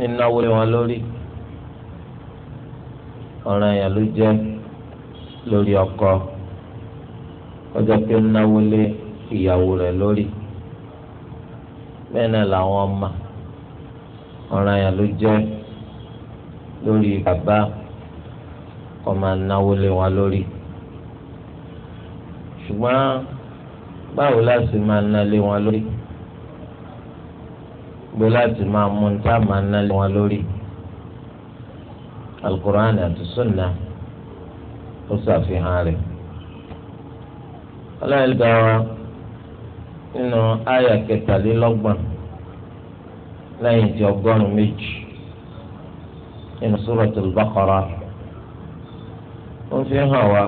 nínáwó lé wọn lórí ọ̀ràn yẹn ló jẹ́ lórí ọkọ ọjọ́ pé náwó lé ìyàwó rẹ̀ lórí bẹ́ẹ̀ náà làwọn ọmọ ọ̀ràn yẹn ló jẹ́ lórí bàbá kó máa náwó lé wọn lórí ṣùgbọ́n báwo la sì máa ná lé wọn lórí. gbé láti máa mú ní táà máa ná wọn lórí alukur'an àti sunna ó ṣàfihàn rẹ̀ ọlọ́run gba nínú àyà kẹtàlélọ́gbọ̀n lẹ́yìn tí ọgọ́rùn-ún méjì nínú Suratul Baqara ó fi hàn wá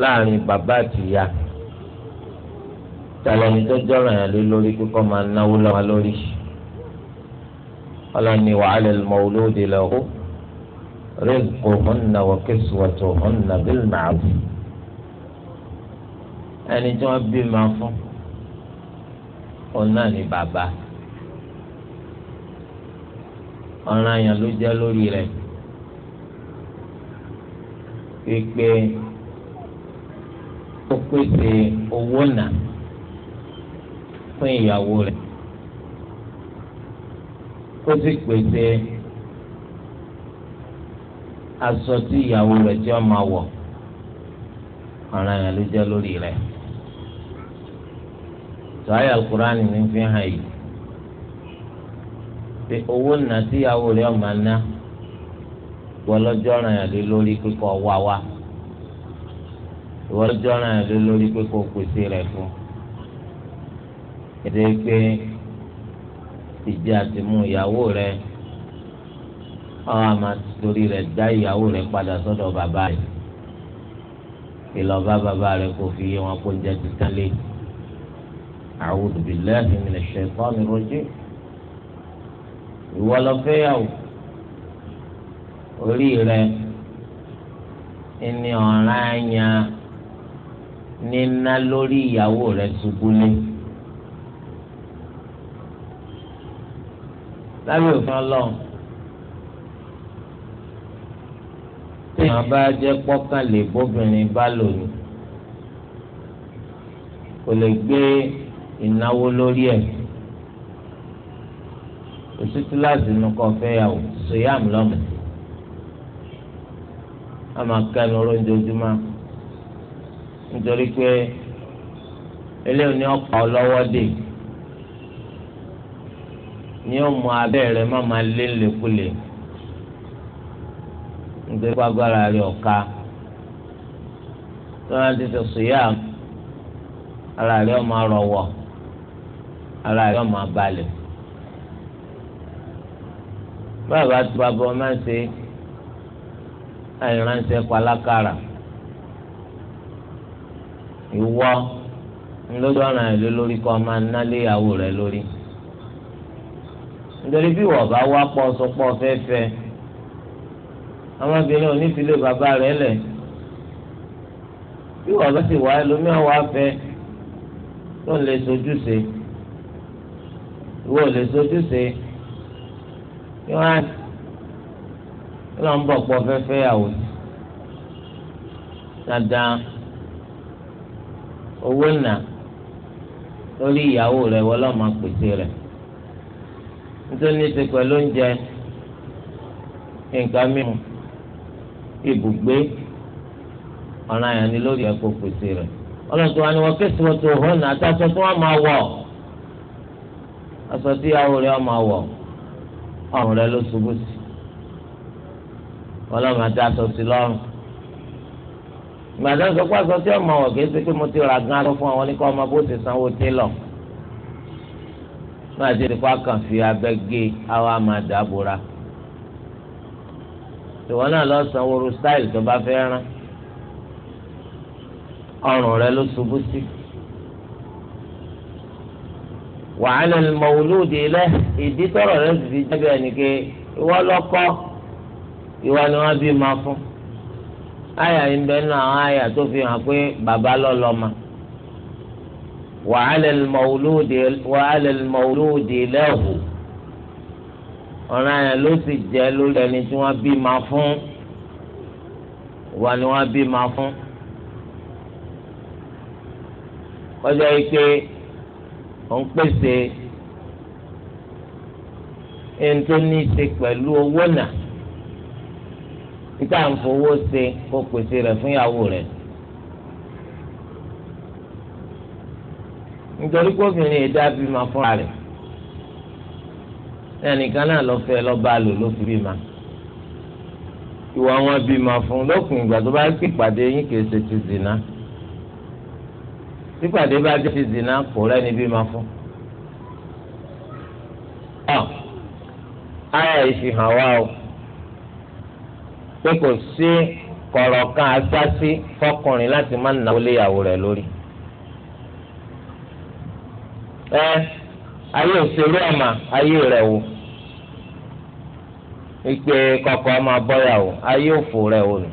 láàrin bàbá àti ìyá. tàlẹ́ni tó jọ̀ràn yẹn lé lórí kíkọ́ máa náwó lọ́wọ́ lórí ọlọ́ni wa 'ala al-mawludi lahu rizquhunna wa kiswatuhunna bil ma'ruf ẹni tí wọ́n bí máa fún òun ni bàbá ọ̀ràn yẹn ló jẹ́ lórí rẹ̀ pípé ó pèsè owó náà fún ìyàwó rẹ̀ kó sì pèsè aṣọ tí ìyàwó rẹ̀ jẹ́ ọmọ wọ̀ ọ̀ràn yẹn ló jẹ́ lórí rẹ̀ sọ́yà alukurani ní fi hàn yìí pé owó nà tí ìyàwó rẹ̀ ọmọ ná wọlọ́jọ́ ọ̀ràn yẹn lé lórí kíkọ́ wá wá wọlọ́jọ́ ọ̀ràn yẹn lé lórí kíkọ́ pèsè rẹ̀ fún ètò ìpè ìdí àtìmú ìyàwó rẹ ọ̀hún àmà torí rẹ dá ìyàwó rẹ padà sọ́dọ̀ bàbá rẹ ìlọ́ba bàbá rẹ kò fi yé wọn kó jẹ títán lé a'udhu billahi minash shaitani rajim ìwọ lọ fẹ́yàwó orí rẹ ẹni ọ̀ràn àyàn níná lórí ìyàwó rẹ ṣubú lé. lábẹ́ òfin ọlọ́run tí àwọn bá jẹ́ pọ́kànlé bóbìnrin bá lò ní kò lè gbé ìnáwó lórí ẹ̀ òtútù láti inú kan fẹ́ yà wò sòyàm lọ́mọ a máa kẹ́nu lójoojúmọ́ nítorí pé eléyìí ni ọ̀pá ọlọ́wọ́ dè. ní ọmọ abẹ́ rẹ̀ má máa lé lékulè nítorí pé agbára rẹ̀ ọ̀ka tí wọ́n ti sọ sùúyà ara rẹ̀ ọmọ rọ̀wọ̀ ara rẹ̀ ọmọ balẹ̀ bàbá tó bàbá ọmọ ṣe àìránṣẹ́ palákàrà ìwọ ńlọ́dọ̀ ọ̀ràn ẹ̀ lórí kọ́ máa ń nálé ìyàwó rẹ̀ lórí. nítorí bí wọ́n bá wá pọ̀ sọpọ̀ fẹ́fẹ́ ọmọbìnrin onífilé bàbá rẹ̀ lẹ̀ bí wọ́n bá sì wá ẹlòmíràn wá fẹ́ tó ń lè sojúṣe ìwọ ò lè sojúṣe kí wọ́n á kí wọ́n ń bọ̀ pọ̀ fẹ́fẹ́ yàwó dáadáa owó nà lórí ìyàwó rẹ̀ wọ́n lọ́ọ́ máa pèsè rẹ̀ nítorí ní ti pẹ̀lú oúnjẹ nǹkan mímu ibùgbé ọ̀ràn àyàn ni lórí ẹ̀kọ́ pèsè rẹ̀ ọlọ́tún wa ni wọ́n kéṣe wọ́n tó hàn náà aṣọ tí wọ́n máa wọ̀ aṣọ tí ìyàwó rẹ̀ máa wọ̀ ọ̀rùn rẹ̀ ló ṣubú sí ọlọ́run àti aṣọ sí lọ́rùn gbàdá sọ pé aṣọ tí ọmọ wọ̀ kéṣe pé mo ti rà gan aṣọ fún àwọn oníkọ́ ọmọ bó ti sanwó télọ̀ máa ti dìpọ́ kàn fi abẹ́ gé àwa máa dàbòrà ìwọ náà lọ san woro style tó bá fẹ́ rán ọrùn rẹ ló ṣubú sí wàhálà mọ̀wúlúùdì lẹ ìdí tọrọ rẹ sì fi jẹ́bi ẹnìké ìwọ lọ́kọ́ ìwọ ni wọ́n bí ma fún àyà ń bẹ́ẹ̀ àwọn àyà tó fi hàn pé bàbá lọ́ lọ́ọ́ wàhálà mọ̀lúùdì lẹ́hù ọ̀ràn yẹn ló sì jẹ́ lórí ẹni tí wọ́n bí ma fún wà ni wọ́n bí ma fún kọjá yìí pé ó ń pèsè ẹni tó ní í ṣe pẹ̀lú owó náà níta ń fowó ṣe kó pèsè rẹ̀ fún ìyàwó rẹ̀ nítorí pé obìnrin ẹ̀dá bímọ fúnra rẹ̀ ẹnìkan náà lọ fẹ́ lọ bá lò ló fi bímọ ìwà wọn bímọ fún lókun ìgbà tó bá pè pàdé yín kìí ṣe ti zìnà tí pàdé bá jẹ́ ti zìnà kò rẹ́ni bímọ fún. ayọ̀ ìfihàn wa o pé kò sí kọ̀rọ̀ kan aṣáṣí fọkùnrin láti má nàwó léyàwó rẹ̀ lórí. ẹ ayé òṣèré ọmọ ayé rẹ wò ìpè kọkọ ọmọ abọ́yàwó ayé òfò rẹ wò nù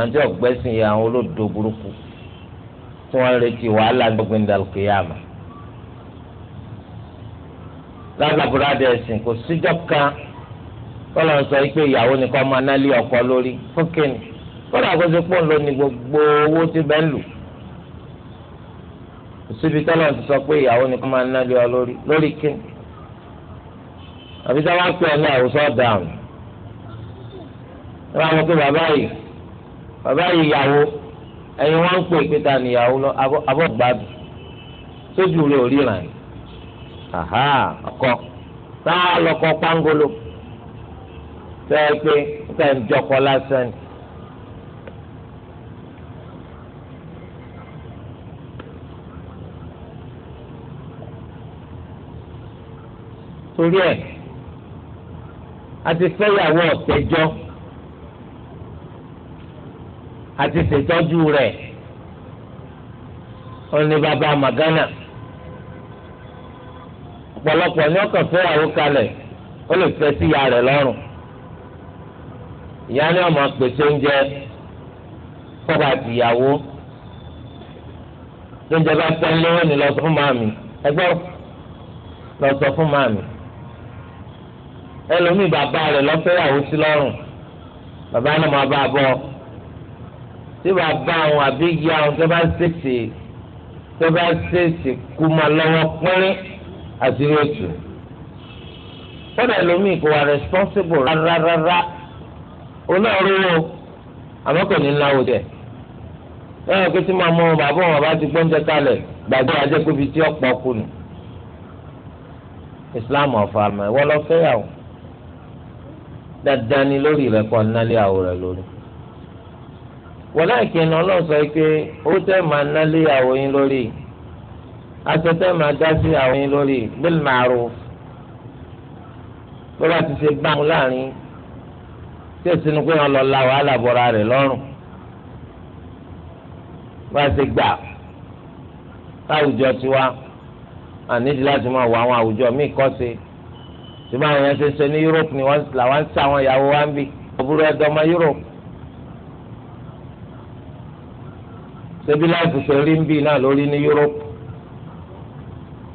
àti ọ̀gbẹ́sìn yà ya olódò burúkú tí wọ́n retí wàhálà gbọ̀gbìn dàlùkìyàmà lágbàbúrò ẹ̀sìn kò síjọ́ kan kọ́lọ̀ sọ pé ìyàwó ọkọ lórí kọ́lọ̀ gbogbo owó bẹ́ẹ̀ síbi tọ́lọ̀ ti sọ pé ìyàwó ni kó máa ná lé ọ lórí lórí kí àbí táwọn pè ọ ní àwùsọ dàrún wọn àwọn pé bàbá yìí bàbá yìí ìyàwó ẹyin wọn ń pè pé ta ni ìyàwó lọ abọ́gbádùn sójú rẹ ò ríran ni ọkọ táà lọkọ pangolo tẹ́ pé níta ń lásán ni. torí ẹ̀ àti fẹ́yàwó ọ̀tẹ́jọ́ àti ṣètọ́jú rẹ̀ òní bàbá màgánà ọ̀pọ̀lọpọ̀ ní ọkàn fẹ́yàwó kalẹ̀ ó lè fẹ́ sí ìyá rẹ̀ lọ́rùn ìyá ni ọmọ pèsè oúnjẹ kọ́ba àtìyàwó lóúnjẹ bá fẹ́ lé wọn ni lọ sọ fún màmí ẹgbẹ́ lọ sọ fún màmí ẹlòmíì bàbá rẹ̀ lọ́fẹ́yàwó sí lọ́rùn bàbá náà máa bá a bọ̀ tí bàbá àwọn àbí ìyá àwọn tó bá ṣèṣe tó bá ṣèṣe kú máa lọ́wọ́ pínrín àti rètù kódà ẹlòmíì kò wà responsible rárárárá olóòrùwò àmọ́ kò ní ń láwò jẹ lọ́yọ̀ pé tí màmú bàbá wọn bá ti gbóúnjẹ kalẹ̀ gbàgbé ajẹ́kùbí tí ọ̀pọ̀ kù nù Islam ọ̀fà mọ́ ẹ wọ́n lọ dandan ni lórí rẹ kọ nálé àwò rẹ lórí wọlé ìkíni ọlọ́sọ pé ó tẹ́ máa nálé àwò yín lórí aṣọ tẹ́ máa dá sí àwò yín lórí bil ma'ruf tó bá ti ṣe gbàmù láàrin tí o sinú pé wọn lọ la wàhálà bọra rẹ lọ́rùn wọn ṣe gbà láwùjọ tiwa àníjì láti máa wọ àwọn àwùjọ míì kọ́ sí i síbí àwọn yẹn ṣe ṣe ní Europe ni làwọn ń sa àwọn ìyàwó wa ń bì ọ̀bùrú ẹ̀dọ́ ọmọ Europe. ṣebí láìpù ṣe rí ń bì náà lórí ní Europe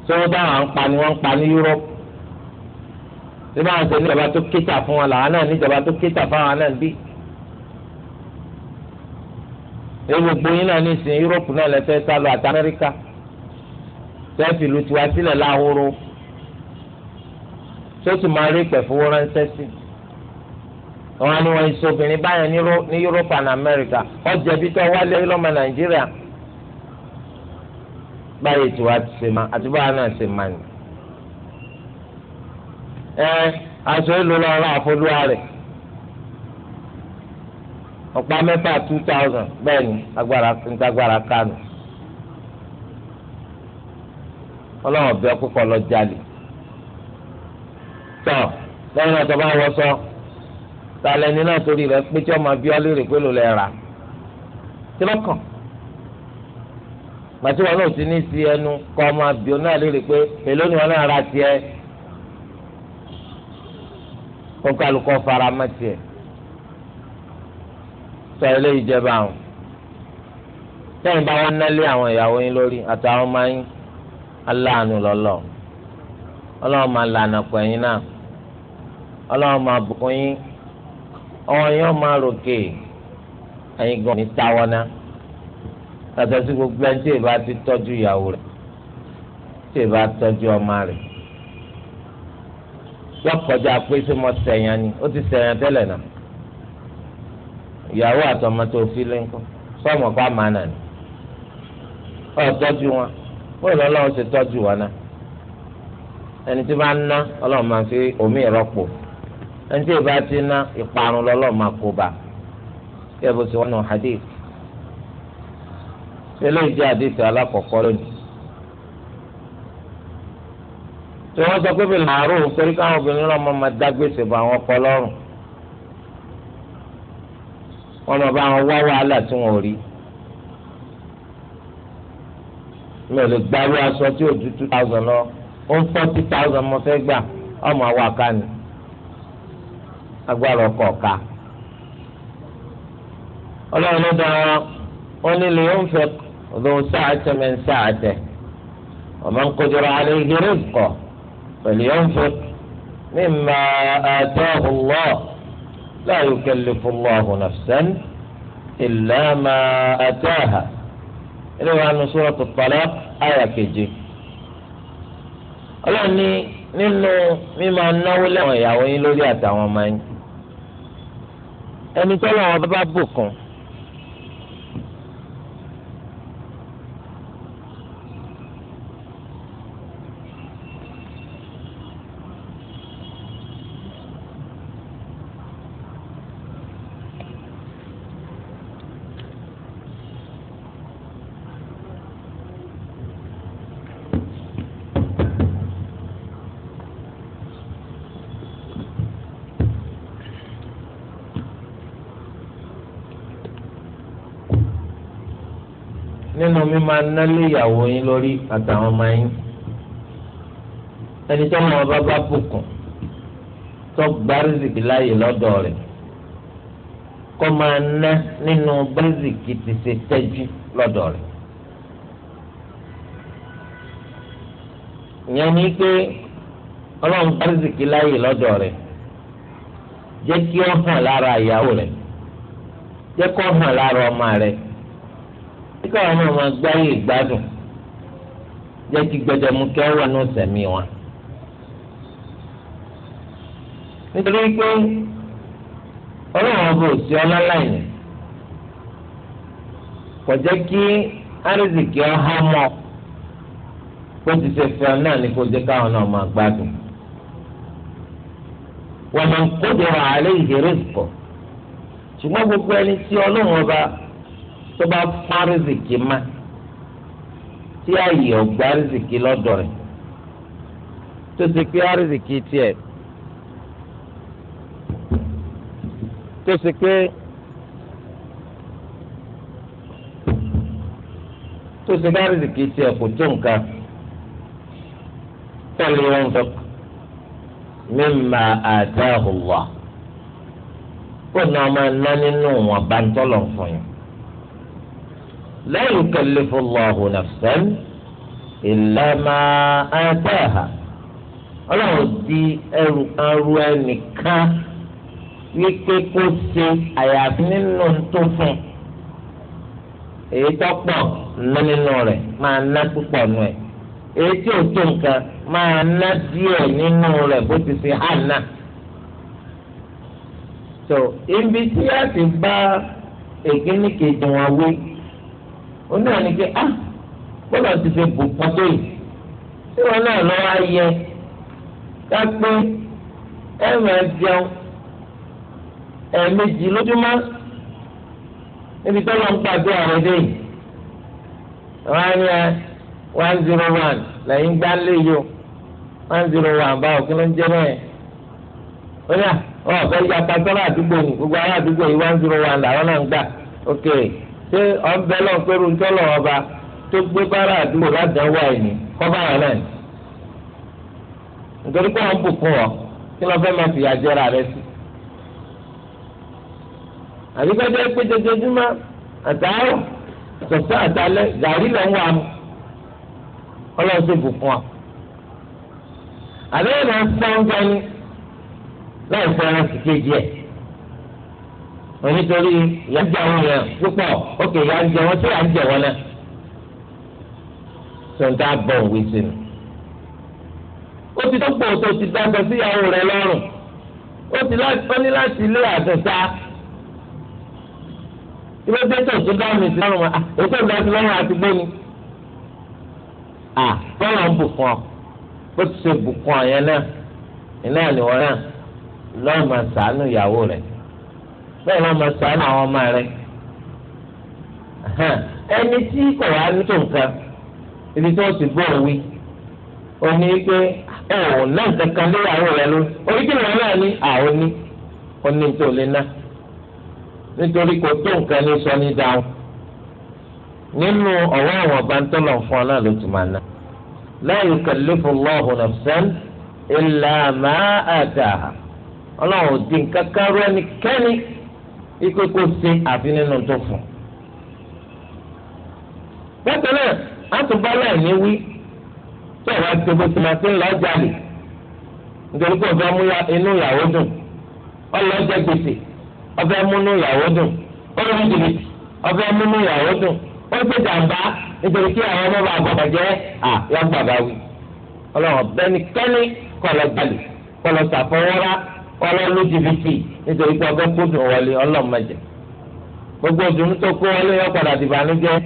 tí wọ́n bá wọn pa ni wọ́n ń pa ní Europe síbí àwọn ṣe níjọba tó kíta fún wọn làwọn náà níjọba tó kíta fáwọn náà ń bì. ewu gbogbo yín náà ní ìsìn Europe náà lẹ́fẹ̀ẹ́ sálọ àti Amẹ́ríkà tẹ́ẹ̀fì tiwa sílẹ̀ láhóró. tó sì máa rí ìpè fowó ránṣẹ́ sí wọn ni wọn ìṣòbìnrin báyẹn ní Europe and America ọjà ibi tó wálé lọ́mọ Nàìjíríà báyìí ti ṣe máa àti báyìí náà ṣe máa ẹ aṣọ èlò ọ̀pá mẹ́fà two thousand bẹ́ẹ̀ ni agbára ntagbára tọ̀ lẹ́yìn náà tó bá wọ sọ talẹ̀ ní náà torí rẹ̀ pé tí ọmọ abíọ́lé rè pé ló lẹ́ ra tí lọ́kàn màtí wọn náà ti ní sí ẹnu kọ́ ọmọ abíọ́ náà lérè pé èló ni wọn náà ra tiẹ̀ kó kálukọ́ fara mọ́ tiẹ̀ sọ eléyìí jẹba àwọn tẹ́yìn bá wọn nálé àwọn ìyàwó yín lórí àtàwọn ọmọ yín aláàánú lọ́lọ́ ọlọ́run máa pẹ̀yìn náà ọlọ́run máa bùkún yín ọ̀hún yín máa ròkè ẹ̀yin gan ní táwọnà yàtọ̀ sí gbogbo ẹni tí èèbá ti tọ́jú ìyàwó rẹ̀ tí èèbá tọ́jú ọmọ rẹ̀ yọ kọjá pé ṣé mo ṣẹ̀yàn ni ó ti ṣẹ̀yàn tẹ́lẹ̀ náà ìyàwó àtọmọ tó fi lẹ́ńkọ́ sọ́ọ̀mù ọ̀pá màánà ni ọ̀ tọ́jú wọn bóyá ọlọ́run ṣe tọ́jú wọn náà ẹni tí bá ń ná ọlọ́run máa fi omi ìrọ́pò ẹni tí ìbá ti ná ìparun lọ́lọ́ máa kó bá kí ẹ bó ti wọ́n nù hadith eléyìí jẹ́ hadith alákọ̀ọ́kọ́ lónìí. tí wọ́n sọ pé bí làárò torí káwọn obìnrin náà máa máa dágbèsè bá wọn kọ́ lọ́rùn wọ́n máa bá wọn wá wàhálà tí wọ́n rí mi ò lè gbárù aṣọ tí ò ju two thousand lọ ó ń forty thousand mo fẹ́ gbà ọmọ àwa ká ni agbára ọkọ̀ ọ̀ka ọlọ́run ló dára ó ní lè ń fẹ́ ọdún sáàtẹ̀ mẹ́ sáàtẹ̀ ọmọ nkójọra alẹ́ ìgbéró kọ̀ pẹ̀lú yóò ń fẹ́ mímà àtọ́hùn lọ́ọ̀ láàyò kẹlẹ́ fún lọ́ọ̀hùn nàfṣẹ́n ìlànà àtọ́hà ilé wa nu sọ́rọ̀ tọ́lá àyà kejì ọlọ́run ní nínú mímà náwó lẹ́wọ̀n ìyàwó yín lórí àtàwọn ọmọ yín ẹni tọ́lọ́ wọn bá bùkún máa ná lé ìyàwó yín lórí àtàwọn ọmọ yín ẹni tó máa bá bá bùkún tó gbárùsìkì láàyè lọ́dọ̀ rẹ̀ kó máa ná nínú gbárùsìkì ti ṣe tẹ́jú lọ́dọ̀ rẹ̀. ìyẹn ni pé ọlọ́run gbárùsìkì láàyè lọ́dọ̀ rẹ̀ jẹ́ kí ó hàn lára ìyàwó rẹ̀ jẹ́ kó hàn lára ọmọ rẹ̀. tí káwọn náà máa gbáyé ìgbádùn jẹ́ kí gbẹdẹmukẹ wà ní sẹ̀mí wọn. nítorí pé ọlọ́run ọba òsì ọlọ́láìní kò jẹ́ kí árìsìkì ọ̀há mọ́ kó ti ṣe fẹ́ náà ní kó jẹ́ káwọn náà gbádùn. wọ́n kó ìhèrè tó bá fún rìzìkì má tí àyè ọgbà rìzìkì lọ́dọ̀ rẹ̀ tó ṣe pé rìzìkì tiẹ̀ tó ṣe pé tó ṣe pé rìzìkì tiẹ̀ kò tó nǹkan tẹ̀lé wọn sọ mímà àtàhùwà kó náà máa ná nínú wọn bá ń tọ́lọ̀ fún yín la yukallifu Allahu nafsan illa ma ataha ọlọ́run di ẹrù kan ru ẹnìkan wípé kó ṣe àyàfi nínú tó fún èyí tó pọ̀ ná nínú rẹ̀ máa ná púpọ̀ nù ẹ̀ èyí tí ò tó nǹkan máa ná díẹ̀ nínú rẹ̀ bó ti ṣe hàn náà. so ibi tí a ti bá ègínìkejì wọn wí. òun náà ní pé á ah, bọ́lá ti fi bò pọ́n yìí tí wọn náà lọ wá yẹ ká pé ẹ máa jẹun ẹ̀ẹ̀mejì lójúmọ́ níbi tó lọ ń pàdé ààrẹ dé yìí wọn á ní ẹ ah, one zero one lẹ́yìn gbá lé yìí o one zero one báwo kí ló ń ó ah, gbogbo ará àdúgbò yìí one zero one làwọn náà ń ṣé ọ̀nbẹ lọ́n pẹ̀lú ńtọ́lọ̀ ọba tó gbé bára àdúgbò ládàáwá ẹ̀yìn kọ́bá rẹ̀ náà nítorí pé wọ́n bù fún ọ kí lọ́ọ́ fẹ́ máa fìyà rẹ sí. àbíkájọ́ pé jẹjẹjúmọ́ àtàárọ̀ àtàlẹ́ gàrí ọlọ́run bù fún ọ. àbẹ́rẹ́ náà ń pọ́n láì kéjì ẹ̀. onítorí ìyá ń jẹ àwọn yẹn púpọ̀ ókè ìyá ń jẹ wọn tí ìyá ń jẹ wọn náà sọ̀ńtà bọ̀ òwe sínú. ó ti tó pọ̀ tó ti dáńtọ́ síyàwó rẹ̀ lọ́rùn ó ti ní láti ilé àtẹ̀sá ilé tẹ́tọ̀ tó dáhùn sí lọ́rùn wọn ètò ìdájọ́ lọ́rùn àti gbóni. kọ́lọ̀ ah, ń bùkún ọ bó ti ṣe bùkún ọ yẹn náà ìnáà ni náà lọ́ọ̀ máa ìyàwó rẹ̀. bẹ́ẹ̀ lọ́mọ sàánù àwọn ọmọ rẹ̀ ẹni tí kò wá ní tó nǹkan ibi tó sì gbọ́ òwe pé náà rẹ̀ ló oríkìlì wọn náà ní àwọn ní nítorí kò tó nǹkan ní sọ ní dáhùn nínú ọ̀wọ́ àwọn ọba tó lọ fún ọ náà ló ti máa ná ma ọlọ́run ò dín kankan ikú kó ṣe àfi nínú tó fún. bákan náà àtúbọ̀ náà wí tí ọ̀rọ̀ àti bóṣe máa ti ń lọ jalè nítorí pé ọ̀fẹ́ mú inú ìyàwó dùn ọlọ́jẹ́ gbèsè ọ̀fẹ́ mú ìyàwó dùn ọlọ́jẹ́ jìbìtì ọ̀fẹ́ mú ìyàwó dùn ó gbé jàǹbá nítorí kí àwọn ọmọ bá gbọ̀gbọ̀ jẹ́ à gbàgbà wí ọlọ́run ọ̀bẹ́ni kẹ́ni kọ́ lọ kọ́ ọlọ́lú jìbìtì nítorí pé ọgbẹ́ kódùn wọlé ọlọ́mọdé gbogbo òdùnú tó kó wọlé yọ padà dìbànújẹ́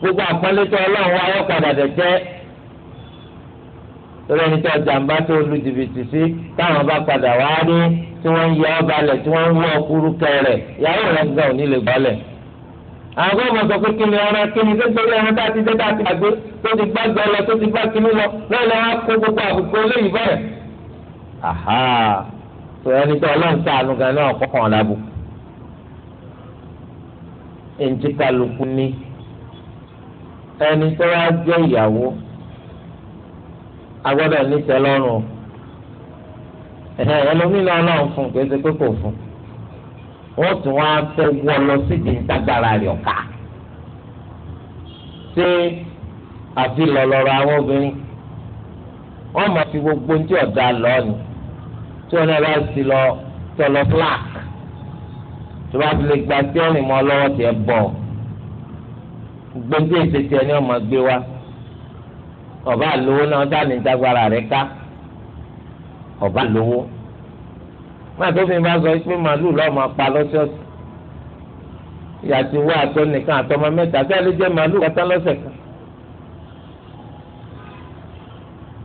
gbogbo àpọ́nlé tó ọlọ́run wá yọ padà dẹ̀jẹ́ lórí ẹni tó jàǹbá tó lu jìbìtì sí táwọn bá padà wá rí tí wọ́n ń yọ ọ balẹ̀ tí wọ́n ń wọ ọkùnrin kẹrẹ̀ ìyàwó rẹ̀ gan ò ní lè gbọ́lẹ̀ àwọn ọmọ sọ pé kíni ọ̀rọ̀ kíni gbẹgbẹrẹ ẹran tá a ti dé tá ti gbàgbé tó ti gbá gbẹ tó ti gbá kíní lọ lọ́ọ̀lẹ́ wọn kó gbogbo àbùkù olóyìnbó rẹ̀ ẹni tó ọlọ́run sàánú gan náà kọ́kàn lábù ẹnjí kálukú ní ẹni tó wá jẹ́ ìyàwó agbọ́dọ̀ níṣẹ́ lọ́rùn ẹlòmínà ọlọ́run fún kò ṣe pé kò fún wọ́n tún wá fẹ́ wọ́ lọ rẹ̀ ọ̀ka ṣé àfi àwọn obìnrin wọ́n máa fi gbogbo ní ọ̀dà tí wọn náà bá sì lọ tọlọ flak tó bá fi lè gba tí wọn rìn mọ lọ́wọ́ tiẹ̀ bọ gbẹgbẹ ìtẹtẹ ni wọn máa gbé wa ọba lówó náà dá ní ìdágbára rẹ̀ ká ọba lówó máa tó fi bá sọ pé màálù lọ́ọ́ máa pa lọ́sọ̀ọ̀sẹ̀ ìyàtí wọ àtọ nìkan àtọmọ mẹ́ta tí a lè jẹ màálù kátá lọ́sẹ̀ kan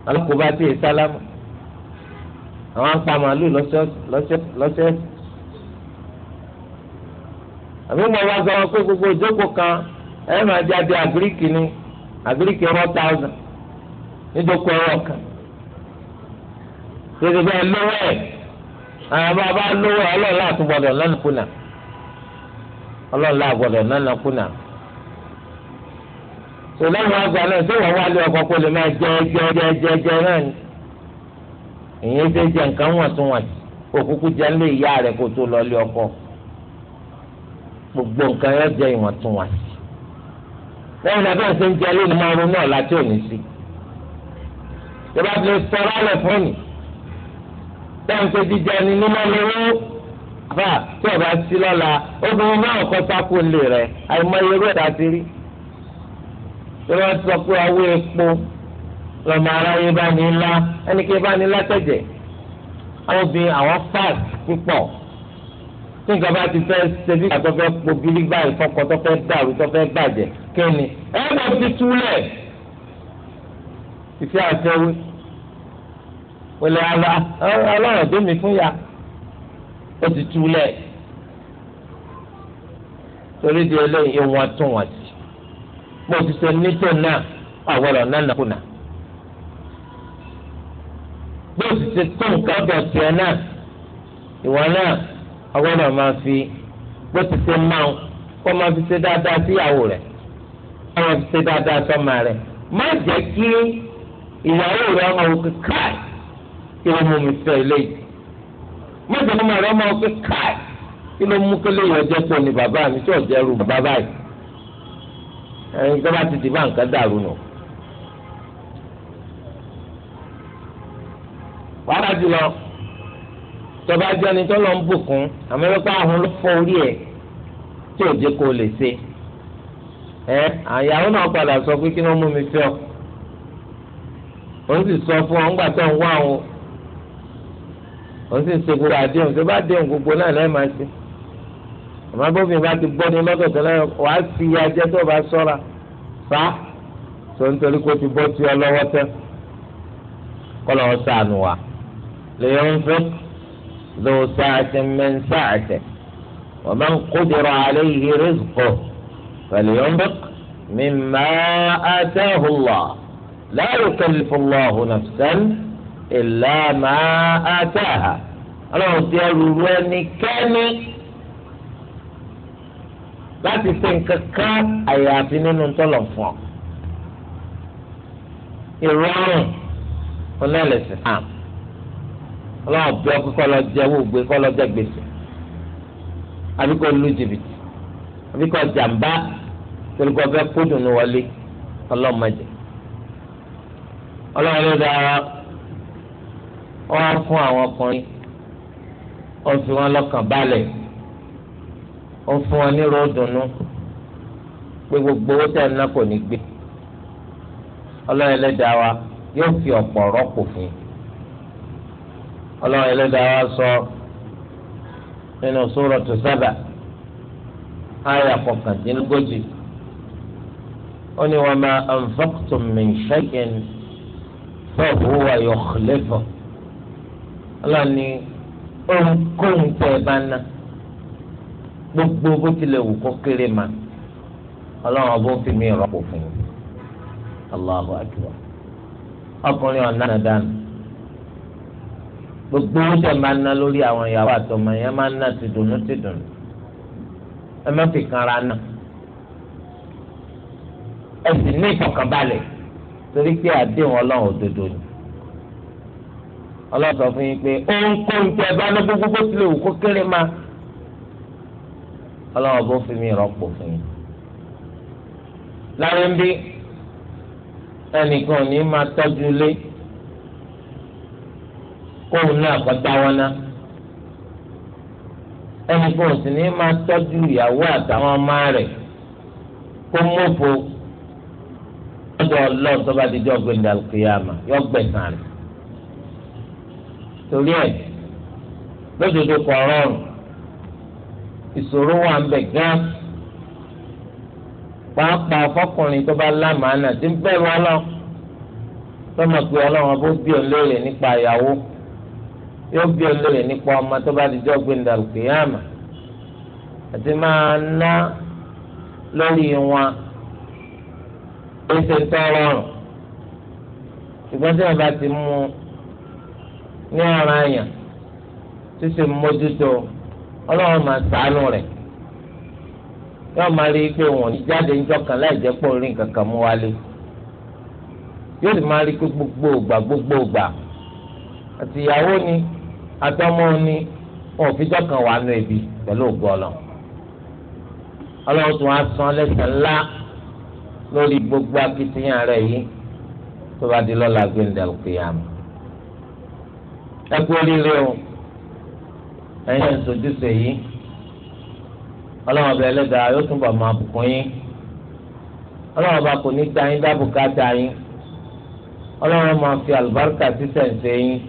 alákòóbá tí ì sálámù. àwọn ń pa màálù lọ́sẹ̀ àbí mo bá sọ gbogbo ìjókòó kan ẹ máa jáde àgíríkì ni àgíríkì one thousand nídòkó kan tètè bẹ́ẹ̀ lówó lówó lọ́nà kùnà ọlọ́ọ̀lá lọ́nà kùnà àgbà náà wọ́n wá lé ọkọ̀ lè máa jẹ́ jẹ́ jẹ́ èyí ṣe jẹ nǹkan wọ̀ntúnwọ̀ntì òkúkú jẹ ń lé ìyá rẹ kó tó lọ lé ọkọ gbogbo nǹkan yẹn jẹ ìwọ̀ntúnwọ̀ntì lẹ́yìn náà bẹ́ẹ̀ ṣe ń jẹ lónìí máa ronú ọ̀la tí ò ní sí ìjọba ti lè sọ̀rọ̀ alẹ̀ fún mi bẹ́ẹ̀ ń pe jíjẹ ni ní máa lówó bá tí ọba sí lọ́la obìnrin náà kọ́ sáko ńlẹ̀ rẹ̀ àìmọye irú ẹ̀ dá sí rí ìrọ̀ sọ pé ọwọ́ epo lọ́mọ aráyé bá ní ńlá ẹnikẹ́ni bá ní látẹ̀jẹ̀ àwọn obìnrin àwọn fáàt púpọ̀ tí nǹkan bá ti fẹ́ ṣe bí àtọ́ fẹ́ pobili báyìí fọkàn tó fẹ́ dàrú tó fẹ́ bàjẹ́ kẹ́ni ẹ lọ fi túlẹ̀ ìfẹ́ àtẹwé wọlé ala ọlọ́run tó mi fún ya ó ti túlẹ̀ torí di eléyìí ìwọ̀n tún wọ̀n sí mo ti ṣe nítò náà àwọn ọ̀nà nàkúnà bó sì ti tó nǹkan dọ̀ tiẹ̀ náà ìwọ náà ọgbọ́dọ̀ máa fi bó ti ti máa kó máa fi ṣe dáadáa síyàwó rẹ̀ kó máa fi ṣe dáadáa sọ́mà rẹ̀ má jẹ́ kí ìyàwó rẹ̀ ọmọ òkè káì kí ló mú mi fẹ́ eléyìí má jẹ́ kí ọmọ rẹ̀ ọmọ òkè káì kí ló mú kélé yẹn jẹ́ pọ̀ ní bàbá mi tí ò jẹ́ rú bàbá báyìí ẹ̀yin tó bá ti di bá nǹkan dàrú nù. wàhálà jùlọ tọba jẹni tọlọ ń bùkún àmọlẹpẹ àhùn ló fọ orí ẹ tí ò jẹ kó lè ṣe ẹ àyàwó náà padà sọ pé kí ni wọn mú mi fẹ ọ òun sì sọ fún ọ ńgbà tó ń wá òun òun sì ń ṣe gbogbo àdéhùn tó bá déhùn gbogbo náà lẹ́ẹ̀ máa ṣe àmọ́ bófin bá ti bọ́ ní lọ́dọ̀ tẹ́lẹ̀ wàá sí ajẹ́ tó bá sọ́ra fa tó ń torí kó ti bọ́ sí ọ lọ́wọ́ tẹ́ kọ́ lọ́wọ́ sànù wa. لينفق ذو ساعة من سعته ومن قدر عليه رزقه فلينفق مما آتاه الله لا يكلف الله نفسا إلا ما آتاها ọlọ́run ti ẹrù ru ẹnikẹ́ni láti ṣe nǹkan kan àyàfi nínú tọ́lọ̀ ìrọ̀rùn onílẹ̀ ọlọ́wọ́ bí ọkọ kọ́ lọ jẹ owó gbé kọ́ lọ jẹ gbèsè àbí kọ́ lu jìbìtì àbí kọ́ jàmbá torí kọ́ fẹ́ kó dùnú wọlé ọlọ́wọ́ má jẹ. ọlọ́wọ́ ló dára ọ wá fún àwọn ọkùnrin ó fi wọn lọ́kàn balẹ̀ ó fún wọn ní ròdùnú pé gbogbo owó tẹ̀ ń ná kò ní gbé ọlọ́wọ́ ẹlẹ́dàá wa yóò fi ọ̀pọ̀ rọ́pò fún yìí ọlọ́run ẹlẹ́dàá wa sọ nínú Suratu Saba àyà kọkàndínlógójì ó ní wa ma anfaqtum min shay'in fa huwa yukhlifu ọlọ́run ní ohunkóhun tẹ́ ẹ bá ná gbogbo bó tilẹ̀ wù kó kéré ma ọlọ́run ọbọ̀ fi mí rọ́pò fún yín Allahu akbar ọkùnrin ọ̀nà dànù gbogbo owó tẹ̀ máa ná lórí àwọn ìyàwó àtọmọ yẹn máa ná ti dùnú ti dùnú ẹ má fi kanra náà ẹ sì ní ìfọ̀kànbalẹ̀ torí pé àdéhùn Ọlọ́run òdodo ni Ọlọ́run sọ fún yín pé ohunkóhun tẹ bá ná gbogbo bó tilẹ̀ wù kó kéré ma Ọlọ́run bó fi mi rọ́pò fún yín lára ń bí ẹnìkan ò ní máa tọ́jú ilé kóun náà kọ́ dáwọ́ ná ẹnì kan ò sì ní máa tọ́jú ìyàwó àtàwọn ọmọ rẹ̀ kó mọ́fo lọ́dọ̀ ọlọ́run tó bá di jọ́ gbẹ̀ndà kìyàmà yọ gbẹ̀sán rẹ̀ torí ẹ̀ lójoojó kọ̀ ọ̀rọ̀rùn ìṣòro wà ń bẹ̀ gán pàápàá fọkùnrin tó bá lámàánà tí ń bẹ̀rù ọlọ́run tó mọ̀ pé ọlọ́run bó bí òun lóore nípa ìyàwó. yóò bí olóore nípa ọmọ tó bá dijọ́ gbẹ̀ndà lùkìyàmà àti máa ná lórí wọn ẹsẹ̀ tọrọrùn ṣùgbọ́n tí wọ́n bá ti mú ní ọ̀ràn àyàn tó ṣe mójútó ọlọ́run máa sàánú rẹ̀ yóò máa rí i pé wọn ní jáde níjọ́ kan gbogbo ògbà gbogbo ògbà àti ìyàwó ni àtọmọ ni wọn ò fi dọkàn wà nù ẹbí pẹ̀lú ògbọ ọlọ Ọlọ́run tún á san lẹ́san ńlá lórí gbogbo akitiyan rẹ yìí tó bá di lọ́la gbẹndẹ òkèèyàn ẹ kú oríire o ẹ̀yin ẹ ṣojúṣe yìí Ọlọ́run ọbẹ Ẹlẹ́dàá yóò túnbọ̀ máa bùkún yín Ọlọ́run ọba kò ní ta yín dábùkátà yín Ọlọ́run máa fi àlùbáríkà sí sẹǹsẹ yín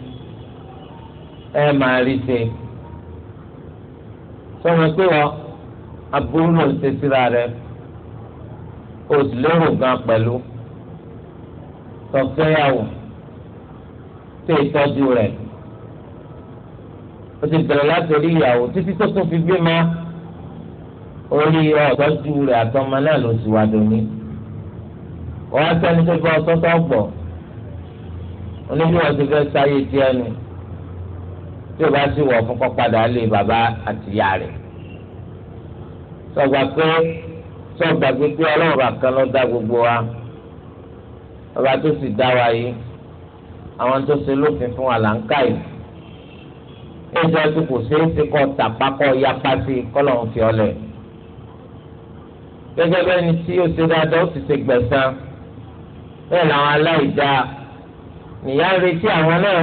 ẹ máa rí ṣe sọmọ pé wọn aburú náà ṣe síra rẹ o sì lérò gan pẹ̀lú sọfẹ́yàwó tó ìtọ́jú rẹ̀ o ti bẹ̀rẹ̀ láti orí ìyàwó títí tó tún fi gbé ma orí ọ̀tọ́jú rẹ̀ àtọmọ náà ló sì wà dòní wọ́n á sẹ́ni tó gbọ́ ọtọ́tọ́ gbọ̀ oníbí wọn ti fẹ́ sáyé tiẹ̀ nù tí o bá sì wọ̀ fún kọ́ padà lé bàbá àti ìyá rẹ̀ sọgbà pé sọgbà pípé ọlọ́run bá kan ló dá gbogbo wa ọba tó sì dá wa yìí àwọn tó ṣe lófin fún wa là ń kà yìí ẹjọ́ tí kò ṣeé ṣe kọ́ tàpá kọ́ yapa sí kọ́lọ́run fi ọlẹ̀ gẹ́gẹ́ bẹ́ẹ̀ ni tí o ṣe dáadáa ó sì ṣe gbẹ̀san bẹ́ẹ̀ làwọn aláìdáa nìyá retí àwọn náà.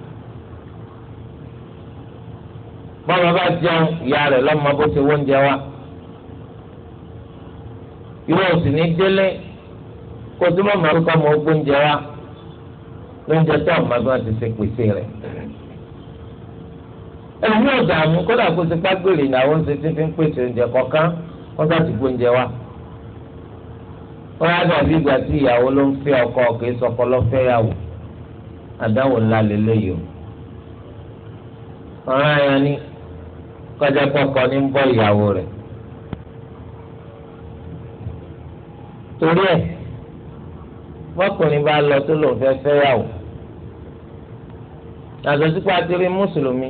bọ́mọ bá jẹun ìyá rẹ̀ lọ́mọ bó ti wọ́n jẹ wá ìwọ ò sì ní délé kó tó má máa kọ́ ọmọ ogún jẹ wá lóúnjẹ tó àwọn ọmọ ti ṣe pèsè rẹ̀ ẹ̀mí ọ̀dààmú kódà kó ti pàgbèrè ìnáwó ṣe tí fi ń pèsè oúnjẹ kọ̀ọ̀kan wọ́n sá ti gbóúnjẹ wá wọ́n á dàbí ìgbà tí ìyàwó ló ń fẹ́ ọkọ kìí sọkọ lọ́fẹ́ yàwó àdáwò ńlá lélẹ́yìí o ọ̀ràn ni kọjá kọkọ ní ń bọ́ ìyàwó rẹ̀ torí ẹ̀ bọ́kùnrin bá lọ tó lòun fẹ́ fẹ́yàwó yàtọ̀ sípò àtìrí mùsùlùmí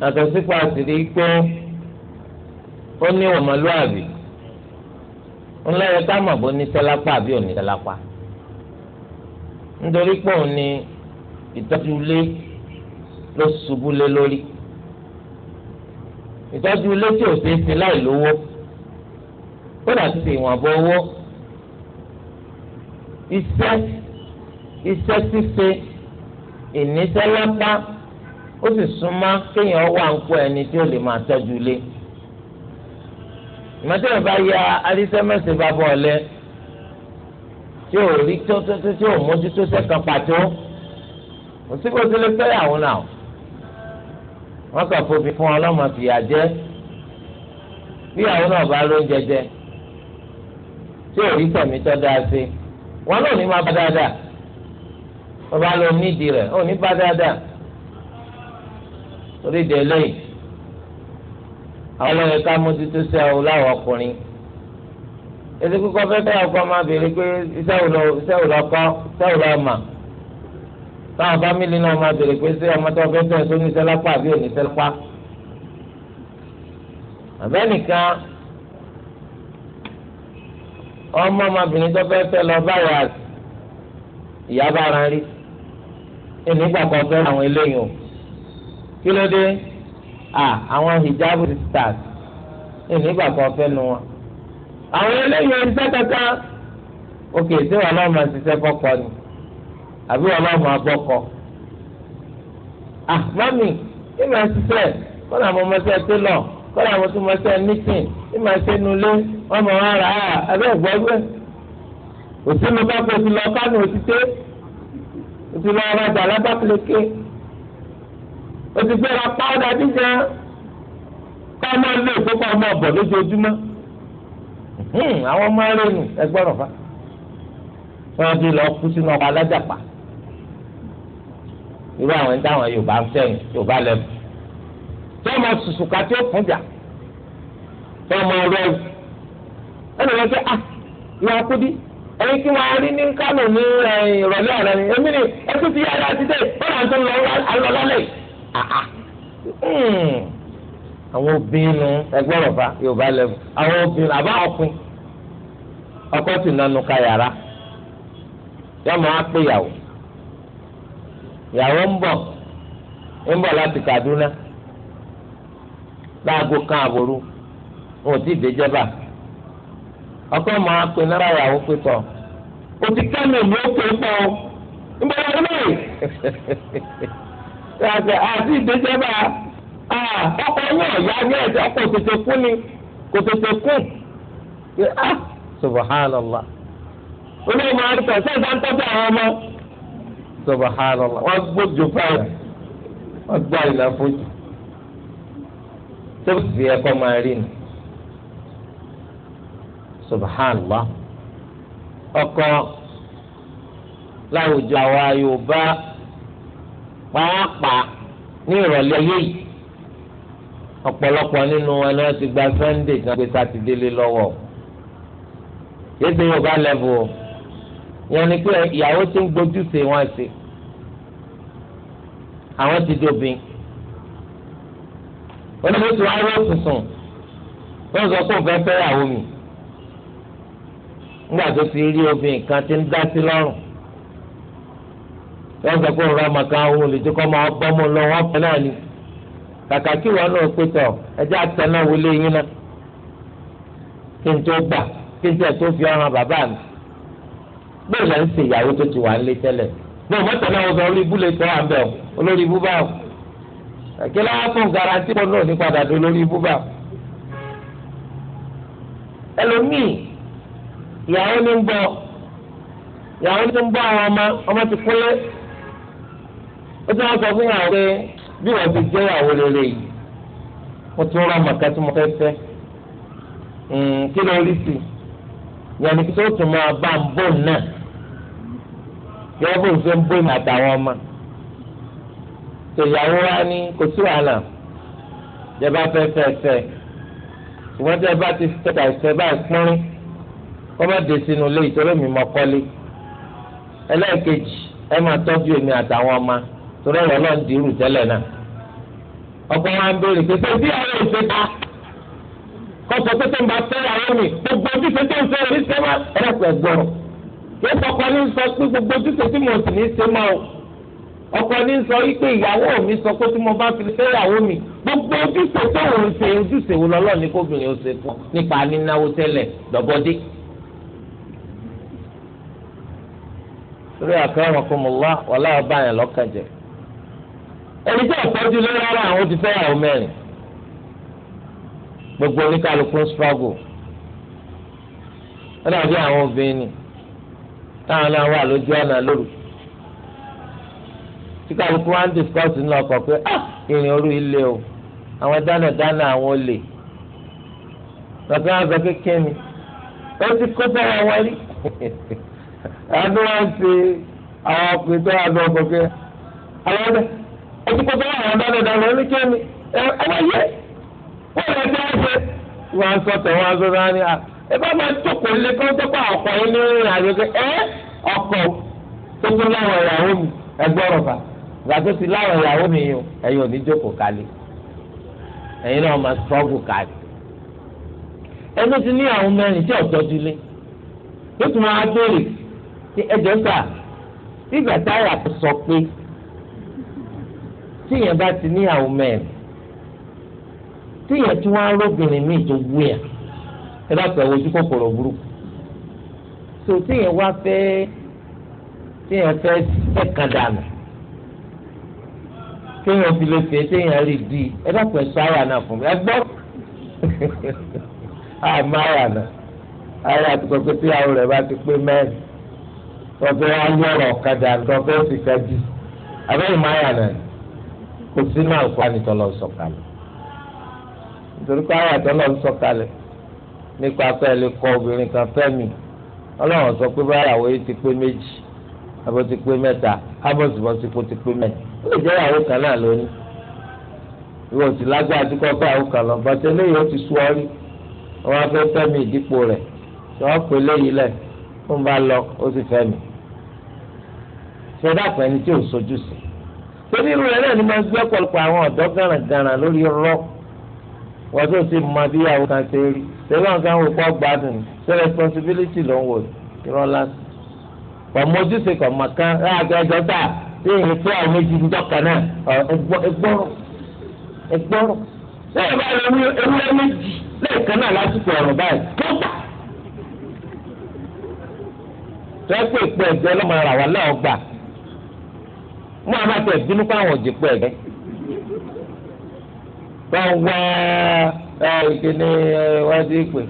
yàtọ̀ sípò àtìrí pé ó ní ọmọlúàbí ńlẹ́yìn ká mọ̀ bó ní sẹ́lápá àbí òní sẹ́lápá nítorí pé òun ni ìtọ́jú lé ló ṣubú lé lórí ìtọ́jú ilé tí ò ṣe é ṣe láì lówó kódà ti ṣe ìwọ̀nba owó iṣẹ́ iṣẹ́ ṣíṣe ìníṣẹ́ lápá ó sì súnmọ́ kéèyàn wà ń kó ẹni tí ó lè máa tọ́jú ilé ìmọ̀tẹ́wọ̀n bá ya alísẹ́mẹ́sẹ̀ bá bọ̀ ọ̀lẹ́ tí ò rí tó tó tó tí ò mójútó sẹ́kàn pàtó òsínbó tó lè fẹ́ yàwó náà wọ́n kàn fòfin fún ọlọ́mọ fìyà jẹ bí àwọn náà bá ló ń jẹjẹ tí ò rí tẹ̀mí tọ́ dáa sí wọn náà ní máa bá dáadáa wọ́n bá lọ nídìí rẹ̀ ó ní bá dáadáa orí ìdè lẹ́yìn àwọn ọlọ́yẹ ká mójútó sí àwọn láwọn ọkùnrin ètò kíkọ́ fẹ́ fẹ́ ọkọ máa béèrè pé iṣẹ́ òlọ́kọ́ táwọn fámìlì náà máa bèrè pé ṣé ọmọ tó fẹ́ tẹ̀ sóníṣẹ́ lápá àbí òníṣẹ́ lápá. àbẹ́nìkan ọmọ ọmọbìnrin tó fẹ́ fẹ́ lọ báyà ìyá bá ara rí nígbà kan fẹ́ àwọn eléyìí o kí ló dé àwọn hijab stars nígbà kan fẹ́ nu wọn. àwọn eléyìí ò ń sẹ́ kankan òkè tí wọn náà máa ṣiṣẹ́ fọ́pọ́ ni àbí wọn bá mọ abọkọ ah mami ìmọ ẹsẹ kọlà mo mọṣẹ télọ kọlà mo tún mọṣẹ nísìn ìmọ ẹsẹ nulẹ wọn mọ wọn rà á ah, abẹ ẹgbẹ ẹgbẹ òsínú bá kó ti lọ kánú òtítẹ òtí lọ rajà lábàpìlẹkẹ òtí fẹẹ ra pàwọdà jíjẹ kọ ọmọ ilé ìkókọ ọmọ ọbọ lójoojúmọ́ hmm, àwọn ọmọ ẹrẹ nù ẹgbọràn fa wọn ti lọ kú sínú ọkọ alájàpá irú àwọn ẹni táwọn Yorùbá ń sẹ́yìn Yorùbá lẹ́nu tí wọ́n máa sùsù ká tí ó fún jà tí wọ́n máa rẹ́wù ẹnì wọn pé ah ìwà kúdí ẹyin kí wọn rí ní Kánò ní ìrọ̀lẹ́ ọ̀rẹ́ ni èmi ni ẹtú ti yára ti dé bọ́lá tó lọ alọ́lọ́lẹ̀ àwọn obìnrin ẹgbẹ́ ọ̀fà Yorùbá lẹ́nu àwọn obìnrin àbá ọkùnrin ọkọ sì nanu ka yàrá yọọ máa pè yàwó ìyàwó ń bọ̀ ń bọ̀ láti Kaduna láago kan àbòrú wọn ò tí ì ọkọ máa pe náírà ìyàwó pé o ti kẹ́mi ìlú ó pé o ń bọ̀ lọ́wọ́ náà yàtọ̀ àti ìdéjọba ọkọ̀ yá ní ẹ̀jẹ̀ tètè kú ni kò tètè kú ah, subhanallah wọ́n gbójú fáwọn wọ́n gbá ìlà fojú tó fi ẹ̀kọ́ máa rí ni subhanallah ọkọ láwùjọ àwa Yorùbá pàápàá ní ìrọ̀lẹ́ yìí ọ̀pọ̀lọpọ̀ nínú wọn ni wọ́n ti gba Sunday kan pé sátidé lé lọ́wọ́ yéé ṣe Yorùbá lẹ́bù o yẹn ni pé ìyàwó ti ń gbójúṣe wọn ṣe àwọn ti dòbin oníbòtú arọ tuntun wọn sọ fún òfin fẹ́ ìyàwó mi nígbà tó ti rí obìnrin kan ti ń dá sí lọ́rùn wọ́n sọ pé òun ọmọ kan òun ò lè jẹ́ kó máa bọ́ mọ́ lọ wọ́n fẹ́ náà ni kàkà kí wọn náà pé tọ ẹjẹ́ àtẹnáwó lé yín náà kí n tó gbà kí n tẹ̀ tó fi ọ̀ràn bàbá mi bẹ́ẹ̀ náà ń ṣe ìyàwó tó ti wà ń lé tẹ́lẹ̀ bọ́ọ̀ mọ́tò náà wọ́n sọ orí ibú lè tọ́ àbẹ̀ olórí ibú bá o kí ló wá fún garanti pọ̀ náà ní padà dé olórí ibú bá o. ẹlòmíì ìyàwó ní ń bọ̀ ìyàwó ní ń bọ̀ àwọn ọmọ ọmọ ti kúnlẹ̀ ó ti wọ́n sọ fún yàrá pé bí wọ́n ti jẹ́ ìyàwó rere yìí mo tún rọ ọmọ kan tí mo fẹ́ fẹ́ hmm, kí ló rí sí i ni kí tó tún máa bá ń bọ̀ náà yọ bó ṣe ń bóyá àtàwọn ọmọ tòyàwó wa ní kò sí wàhálà jẹba fẹ́ fẹ́ fẹ́ ṣùgbọ́n jẹba ti fẹ́ fẹ́ fẹ́ báyìí pínrín kọ́má dé sínú ilé ìtọ́rọ̀ mi mọ́ kọ́lé ẹlẹ́ẹ̀kejì ẹ máa tọ́jú èmi àtàwọn ọmọ torí ọ̀rọ̀ náà ń di irú tẹ́lẹ̀ náà ọkọ wa ń béèrè pé ṣé bí àwọn òṣèlú ta kọ́ sọ pé tó ń bá fẹ́ràn àwọn mi gbogbo ojú tó ń fẹ́ràn ní sẹ́wọ́n ẹlẹ́pẹ̀ yóò kọ́kọ́ ní sọ pé gbogbo ojúṣe tí mo sì ní ṣe mọ́ o ọkọ ní sọ wípé ìyàwó mi sọ pé tí mo bá fi fẹ́ ìyàwó mi gbogbo ojúṣe tó ò ń ṣe ojúṣe wo lọ́lọ́ ní kóbìnrin ó ṣe fún nípa nínáwó tẹ́lẹ̀ lọ́bọ́dé. sórí àkàrà kò mọ̀ wá wàhálà ọba yẹn lọ́kàn jẹ. ẹni tí ọ̀pọ̀jù lórí ara àwọn ti fẹ́ ìyàwó mẹ́rin gbogbo oníkàlùkù ń struggle. ó dàbí àwọn obìnrin táwọn náà wà lójú ọ̀nà lóru tí kálukú wa ń discourse ní ọkọ̀ pé ìrìn ilé o àwọn dánadáná àwọn olè lọ́sọ̀ wọn sọ pé kíni ó ti kó sọ́wọ́ rí ẹni àwọn ọkùnrin tó wà ọkọ̀ pé àwọn ọdẹ ó ti kó sọ́wọ́ àwọn ẹ bá máa jókòó lé kó tó kó ọkọ yín ní ìrìn àjò pé ẹ ọkọ tó tó láwọn ìyàwó mi ẹgbọ́rọ̀ bá ìgbà tó ti láwọn ìyàwó mi yìí ẹ̀yin ò ní jókòó kálí ẹ̀yin náà máa struggle kálí ẹ tó ti ní àwọn mẹ́rin tí ọ̀tọ́jú lé tó tún máa béèrè tí ẹjọ́ sà ìgbà táyà sọ pé tíyẹn bá ti ní àwọn mẹ́rin tíyẹn tí wọ́n á ẹ bá pẹ̀ wojú kòkòrò burúkú tó téèyàn wá fẹ́ téèyàn fẹ́ sẹ́kàn dànù téèyàn fi lè fẹ́ téèyàn rí di ẹ bá pẹ̀ sọ àyà náà fún mi ẹ gbọ́ àmọ́ àyà náà àyà àti kọ̀kọ́ tí àwọn rẹ̀ bá ti pé mẹ́rin tọ́fẹ́ wá ní ọ̀rọ̀ ọ̀kadà tọ́fẹ́ sì ká jù abẹ́rẹ́ máa yà náà kò sínú àlùkò ànitọ́lọ́ sọ̀kalẹ̀ nítorí pé àwọn àtọ́lọ́ sọ̀kalẹ̀ nípa pẹ́ẹ́lí kọ obìnrin kan fẹ́mi ọlọ́run sọ pé báyà àwọn yìí ti pé méjì abọ́ ti pé mẹ́ta abọ́sibọ́sí kò ti pé mẹ́ta ó lè jẹ́ ìyàwó kan náà lónìí ìwọ sì lágbára tí kò fẹ́ àwọn kan lọ bàtẹ́ lẹ́yìn ó ti sú ọ rí wọn fẹ́ fẹ́mi ìdípò rẹ̀ tí wọ́n pè lẹ́yìn lẹ̀ ó ń bá lọ ó sì fẹ́mi sọdá pẹ̀lú tí ò sojú sí torí irú rẹ̀ náà ni máa ń gbé ọ̀pọ̀lọpọ̀ àwọn ọ̀dọ́ gàràngàràn lórí rọ́ọ̀ wọ́n tó ti mọ bí ìyàwó kan ṣe rí tẹ́lẹ̀ nǹkan wò kọ́ gbádùn ṣé responsibility ló ń wò irọ́ lásán kọ̀mọ́júṣe kọ̀mọ́kan láàgbẹ́jọ́ tà tí èyí fún àwọn méjì ń dọ́kan náà ẹgbọ́rọ̀ ẹgbọ́rọ̀ lẹ́yìn bá lọ wí ewúrẹ́ méjì lẹ́ẹ̀kan náà lásìkò ọ̀rọ̀ báyìí tó gbà. tẹ́pẹ́ ìpẹ́ ẹ̀jẹ̀ lọ́mọ ara wa náà gbà mú àwọn àti ẹ̀bínú pé àwọn òjì pẹ́ ẹ̀jẹ̀ wọ́n wá ìkíni wọ́n ti pè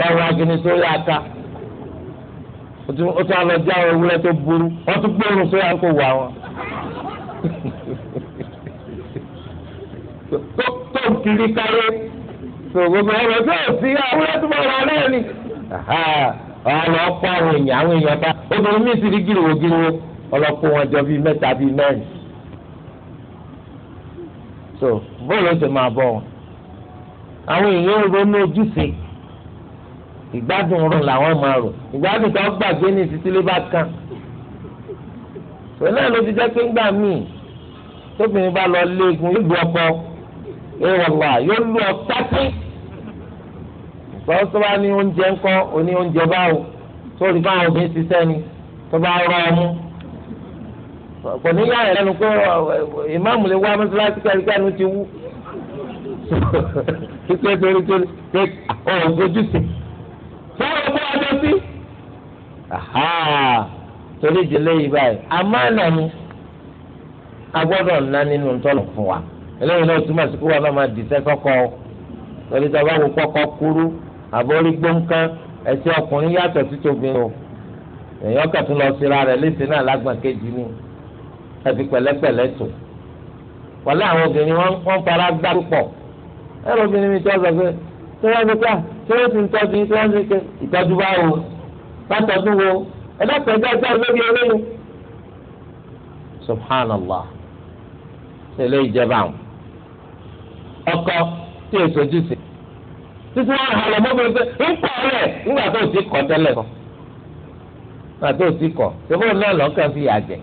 wọ́n wá ìkíni sórí ata o tún alọ jẹ́ àwọn ewúrẹ́ tó burú wọ́n tún gbóòórùn sórí àwọn kò wá wọn. tó ń kiri káyé tó gbogbo ọ̀rọ̀ tó ò sí ewúrẹ́ tó bọ̀ wá náà ni. ọ̀rọ̀ ọ̀pọ̀ àwọn èèyàn àwọn èèyàn bá obìnrin mi sì rí gírìwò gírìwò ọlọ́pọ̀ wọn jọ bíi mẹ́ta bíi mẹ́rin bóòlù ṣe máa bọ̀ wọn. àwọn èèyàn ń ronú ojúṣe ìgbádùn rò làwọn máa rò ìgbádùn kan gbàgbé ní títílé bá kàn. pẹ̀lú ẹ̀ ló ti jẹ́ pé ńgbà míì tóbìnrin bá lọ léegun yóò lu ọkọ yóò wọlọ yóò lu ọtá sí. ìfọwọ́sọ bá ní oúnjẹ ńkọ́ oní oúnjẹ báwo tó rí báwọn obìnrin ṣiṣẹ́ ni tó bá rọ ọmú kò ní yára lẹ́nu pé ìmáàmù lè wá mọ́sálásí káríkánu ti wú kíkẹ́ torí torí pé ọ̀rọ̀ ojú sí sọ́wọ́ bá a lọ sí. torí ìdílé yìí báyìí àmánà ni a gbọ́dọ̀ ná nínú tọ́lọ̀ fún wa eléyìí náà túmọ̀ sí kó wa náà máa dìtẹ́ kọ́kọ́ torí tá a bá wo kọ́kọ́ kúrú àbórí gbóǹkan ẹ̀sìn ọkùnrin yàtọ̀ sí o èèyàn kàtún lọ síra rẹ̀ léṣe náà lágbàkejì ni ẹ̀fi pẹ̀lẹ́pẹ̀lẹ́ tó wàlẹ́ àwọn obìnrin wọn ń para gbá púpọ̀ ẹ̀rọ obìnrin mi tó sọ pé tí wọ́n ti ká tí wọ́n ti ń tọ́jú tí wọ́n ti ké ìtọ́jú bá wo látọ̀dún wo ẹ̀dọ́kọ̀ ẹ̀dá ẹ̀dá lórí olóyè subhanallah ṣẹlẹ ìjẹba àwọn ọkọ tí èso jù sí títí wọn hàn lọmọbìnrin pé ń kọ rẹ nígbà tó ti kọ tẹ́lẹ̀ kọ nígbà tó ti kọ ṣé fóònù náà lọ́kàn fi yà jẹ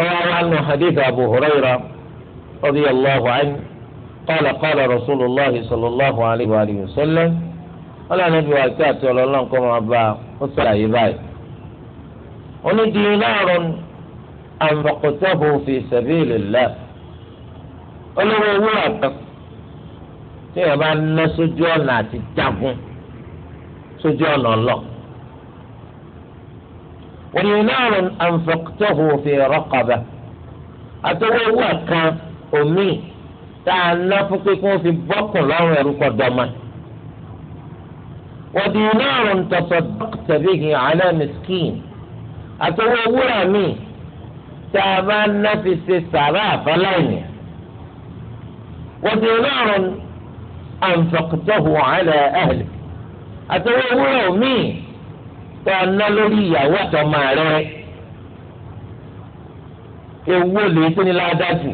وعلى عنه حديث أبو هريرة رضي الله عنه قال قال رسول الله صلى الله عليه وآله وسلم ولا نبي وكاتب ولا لنكم أبا وسلا يباي دينار أنفقته في سبيل الله olówó ewúrọ̀ kan tí yẹn bá ń ná sójú ọ̀nà wọ̀nyínàrún ànfọ̀tẹ́hù fi rọ́kọ̀bẹ àtọwọ́ owó kan omi tá a ná fún pé kí wọ́n fi bọ́kùn lọ́rùn ẹ̀rú kọ́ dọ́mà wọ̀nyínàrún tọ̀tọ̀ tẹ̀bí yìí alẹ́ mẹ́sìkìn àtọwọ́ owó rà mí tá a bá ná fi ṣe sàrà àfọláìní wọ̀nyínàrún ànfọ̀tẹ́hù alẹ́ ẹ̀hìn àtọwọ́ owó rà mí tọ́ ọ ná lórí ìyàwó àtọmọ rẹ ewu olè tó ní ládàjù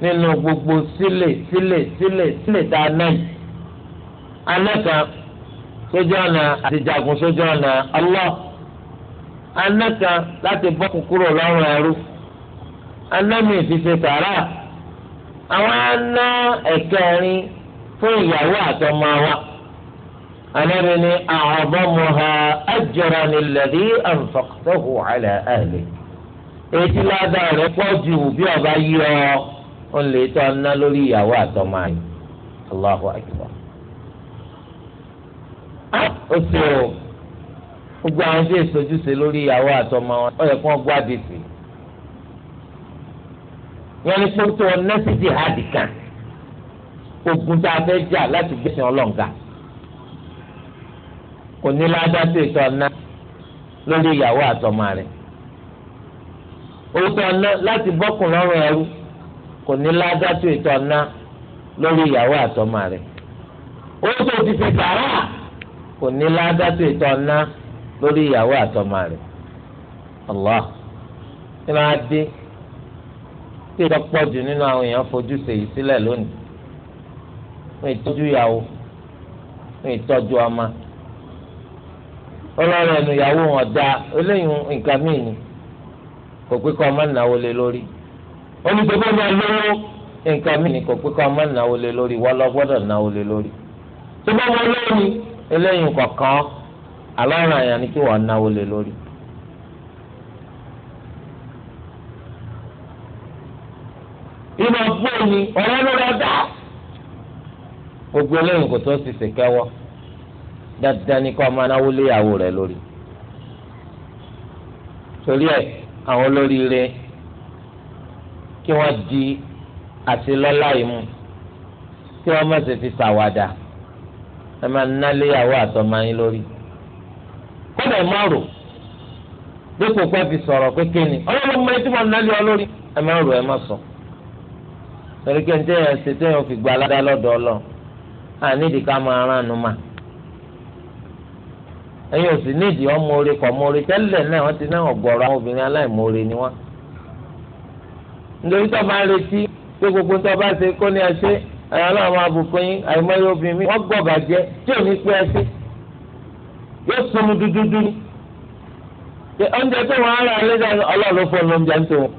nínú gbogbo sílè sílè sílè sílè tá a ná yìí anáka sójú ọ̀nà àtijàgùn sójú ọ̀nà Allah anáka láti bọ́ kúkúrò lọ́rùn ẹrú anámi ìfisẹ̀ tààrà àwọn aná ẹ̀kẹrin fún ìyàwó àtọmọ wa anabi ni a'zamuha ajran alladhi anfaqtahu ala ahli etí ládàá rẹ̀ pọ̀ ju bí ọba yí ọ ó lè tọ́ ná lórí ìyàwó àtọ́mọ àyè Allahu akbar. ó sì gbogbo àwọn tí ìsojúṣe lórí ìyàwó àtọ́mọ wọn ó yẹ kí wọ́n gbọ́ àdìsí wọ́n ní pọ́ńtò nẹ́sìtì hàdìkan ogun tá a fẹ́ jà láti gbẹ̀sìn ọlọ́ǹga kò ní ládàtì ìtọ́ ọ̀nà lórí ìyàwó àtọmọ rẹ̀ orúkọ ọ̀nà láti bọ́kùn lọ́rùn ẹrú kò ní ládàtì ìtọ́ ọ̀nà lórí ìyàwó àtọmọ rẹ̀ orúkọ ti fi kò ní ládàtì ìtọ́ ọ̀nà lórí ìyàwó àtọmọ rẹ̀ Allah ní máa dé tí ìjọ pọ̀ jù nínú àwọn èèyàn fojú sèyí sílẹ̀ lónìí wọ́n ìtọ́jú ìyàwó wọ́n ìtọ́jú ọmọ ọlọ́run ẹnu ìyàwó wọn da eléyìí nǹkan míì ni kò pé kọ́ ọmọ ìnáwó lé lórí olùdókòwò náà lówó nǹkan míì ni kò pé kọ́ ọmọ ìnáwó lé lórí wọ́n lọ gbọ́dọ̀ náwó lé lórí tó bá wọn lówó ni eléyìí kọ̀ọ̀kan alọ́run àyàn ni kí wọ́n náwó lé lórí. ìmọ̀ fún mi ọ̀rọ̀ ló lọ dá gbogbo eléyìí kò tó ti sèkẹ́wọ́ dandan ni kó máa náwó léyàwó rẹ lórí torí ẹ àwọn olóríire kí wọ́n di àtìlọ́lá ìmú kí wọ́n má ṣe fi ṣàwàdà ẹ máa ná léyàwó àtọmọ yín lórí kódà má rò dípò pé fi sọ̀rọ̀ kéke ni ọlọ́run mọ etí wọn nálé ọ lórí ẹ má rò ẹ má sọ torí kí n tẹ́ ẹ ṣe tẹ́ ẹ fi gba aládá lọ́dọ̀ àníìdí ká máa rán máa. ẹ̀yin ò sì nídìí ọmọ orí kọ ọmọ orí tẹ́lẹ̀ náà wọ́n ti náà àwọn obìnrin ni wọ́n. nítorí tó bá ń retí pé gbogbo tó bá ṣe kó ní ẹṣẹ ẹ̀yàn náà máa bùkún yín àìmọye obìnrin mi wọ́n gbọ́ bàjẹ́ tí ò ní pé ẹṣẹ yóò sọmu dúdúdú ni. oúnjẹ tó wọn ara rẹ lẹ́sẹ̀ ọlọ́run ló fọ́ lóúnjẹ ń tó wọn.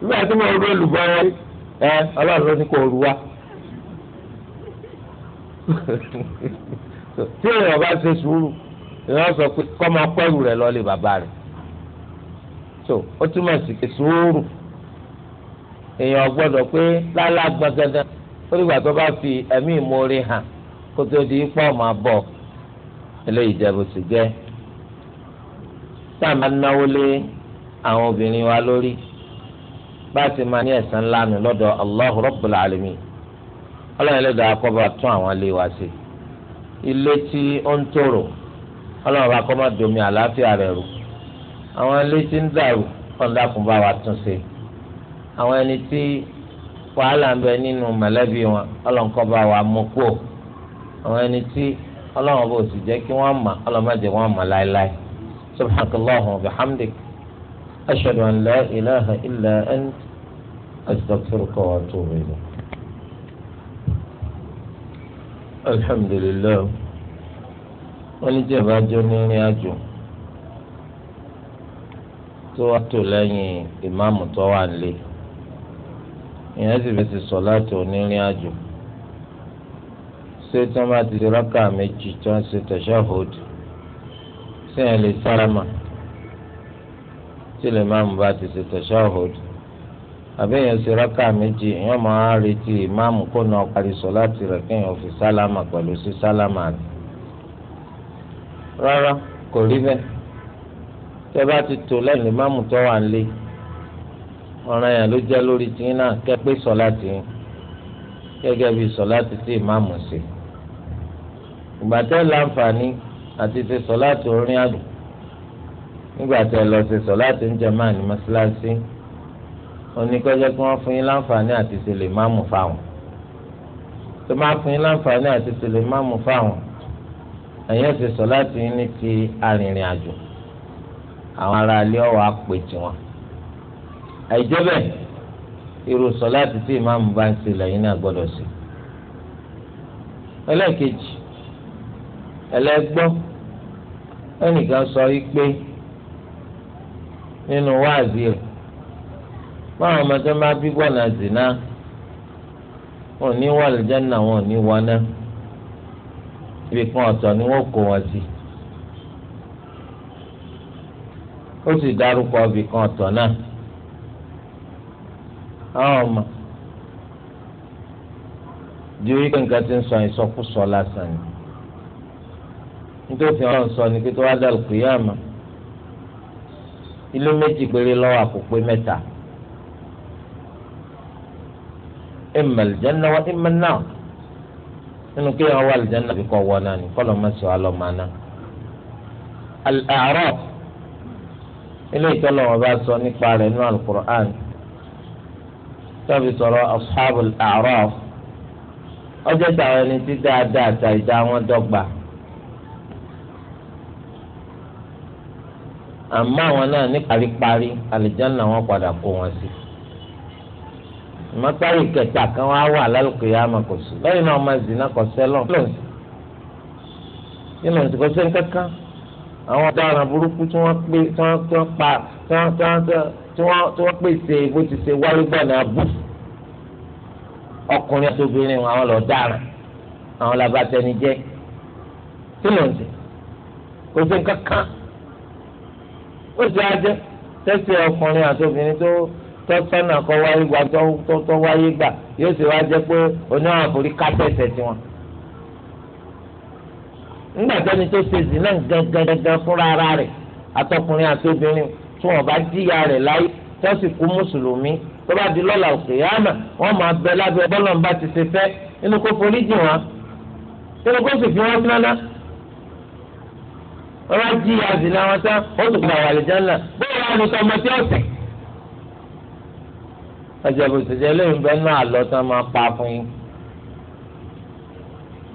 nígbà tí mo rú tí èèyàn bá ṣe sùúrù èèyàn sọ pé kọ́ máa pẹ́rù rẹ̀ lọ lé bàbá rẹ̀ so ó túmọ̀ sí pé sùúrù èèyàn gbọ́dọ̀ pé lálá gbọ́ngàdán ó dìgbà tó bá fi ẹ̀mí ìmoore hàn kó tó di pọ́ máa bọ̀ eléyìí jẹ́ bó ti jẹ́ tá a máa náwó lé àwọn obìnrin wa lórí bá a ti máa ní ẹ̀san ńlá lọ́dọ̀ Allahu Rabbul Alamin ọlọ́run ẹlẹ́dàá kọ́ bá tún àwọn ilé wa ṣe. ilé tí ó ń tòrò ọlọ́run bá kọ́ má domi àlàáfíà rẹ̀ rú àwọn ilé tí ń dàrú ọ̀dà bá wa tún ṣe àwọn ẹni tí wàhálà ń bẹ nínú mọ̀lẹ́bí wọn ọlọ́run kọ́ bá wa mú kó àwọn ẹni tí ọlọ́run sì jẹ́ kí wọ́n mọ̀ ọlọ́run má jẹ́ wọ́n mọ̀ láéláé wa alhamdulilayi wọ́n ní tí ìbá jọ ní ìrìn àjò tó wá tò lẹ́yìn ìmáàmù tó wà nílé ìyẹn sì fi ti sọ láti onírìn àjò ṣé tí wọ́n bá ti di rákà méjì tí wọ́n ṣe tẹ̀síọ́hóòdù sí ẹ̀ lè sáramà tí lè bá ti ṣe tẹ̀síọ́hóòdù àbẹ́yẹn ṣe rákà méjì èèyàn máa ń retí ìmáàmù kó náà parí sọ̀láàtì rẹ̀ kéèyàn fi sálámà pẹ̀lú sí sálámà rẹ̀. rárá kò rí bẹ́ẹ̀ tẹ́ bá ti tò lẹ́yìn ìmáàmù tó wà ń lé ọ̀ràn yẹn ló jẹ́ lórí tiyín náà kẹ́ pé sọ̀láàtì yín gẹ́gẹ́ bí sọ̀láàtì tí ìmáàmù ṣe. ìgbà tẹ́ láǹfààní àti ṣe sọ̀láàtì orin àdùn nígbà tẹ́ lọ ṣe sọ̀láàtì ń jẹ máà ní mọ́ṣáláṣí oníkọ́jọ́ kí wọ́n fún yín láǹfààní àti tẹ̀lé máàmù fáwọn tó máa fún yín láǹfààní àti tẹ̀lé máàmù fáwọn ẹ̀yin ẹ̀sìn sọ láti yín ní ti arìnrìn àjò àwọn ará ilé ọ̀wọ́ àpè tiwọn àìjẹ́ bẹ́ẹ̀ irú sọ láti tí ìmáàmù bá ń ṣe lẹ́yìn náà gbọ́dọ̀ sí ẹlẹ́ẹ̀kejì ẹlẹ́gbọ́n ẹnìkan sọ wípé nínú wáàzì rẹ̀ báwọn ọmọdé máa bí bọ́ọ̀nà zina wọn ò ní wọ àlùjáná wọn ò ní wọná ibi kan ọ̀tọ̀ ni wọ́n kó wọn sí ó sì dárúkọ ibi kan ọ̀tọ̀ náà àwọn ọmọ di orí kankan ti ń sọ ìsọkúsọ lásán ni nítorí wọn sọ ni pé tó wá dàlù kìí àmà ilé méjì péré lọ́wọ́ àkópé mẹ́ta. imma aljanna wa imma an-nar nínú kéèyàn wà aljanna àbí kọ́ wọ náà ni kọ́lọ́ má sọ alọ́ máa ná. al-A'raf ilé ìtọ́lọ̀ wọn bá sọ nípa rẹ̀ nínú al-Qur'an tọ́bi sọ̀rọ̀ ashabul a'raf ọjọ́ táwọn ẹni tí dáadáa ta ìdá wọn dọ́gba. àmọ́ àwọn náà ní paríparí àlìjáná wọn padà kó wọn sí i mọ́tàrí kẹta kan wá wà lálùkò yá ma kò sí lẹ́yìn náà ọmọ ìdìnnà kò sẹ́lọ̀ nínú ìsìnkú sẹ́ni kankan àwọn ọ̀daràn burúkú tí wọ́n pè tí wọ́n tí wọ́n pa tí wọ́n tí wọ́n tí wọ́n tí wọ́n pèsè bó ti ṣe wáyé gbọ́n náà bù ọkùnrin àti obìnrin àwọn lọ dáràn àwọn làbàtẹni jẹ́ kí ló ń sè kò sí kankan ó ti ajẹ́ tẹ́sí ọkùnrin àti obìnrin tó tọ́sọ́nà kọ́ wáyé gbà tọ́tọ́ wáyé gbà yóò sì wá jẹ́ pé oníwàá forí kásẹ̀sẹ̀ tiwọn. nígbà tẹ́ni tó ṣe zì náà gangan fúnra ara rẹ̀ atọkùnrin àtobìnrin tí wọ́n bá jíya rẹ̀ láyé tó sì kú mùsùlùmí tó bá di lọ́la òkè yáàmà wọ́n máa bẹ lábẹ́ bọ́lọ̀ ń bá ti ṣe fẹ́ inú kó forí jì wọ́n inú kó sì fi wọ́n sí náná wọ́n bá jíya zì náà wọ́n tán ó sì ọjọbọsẹsẹ eléyìí bẹ náà àlọ́ tí wọn máa pa fún yín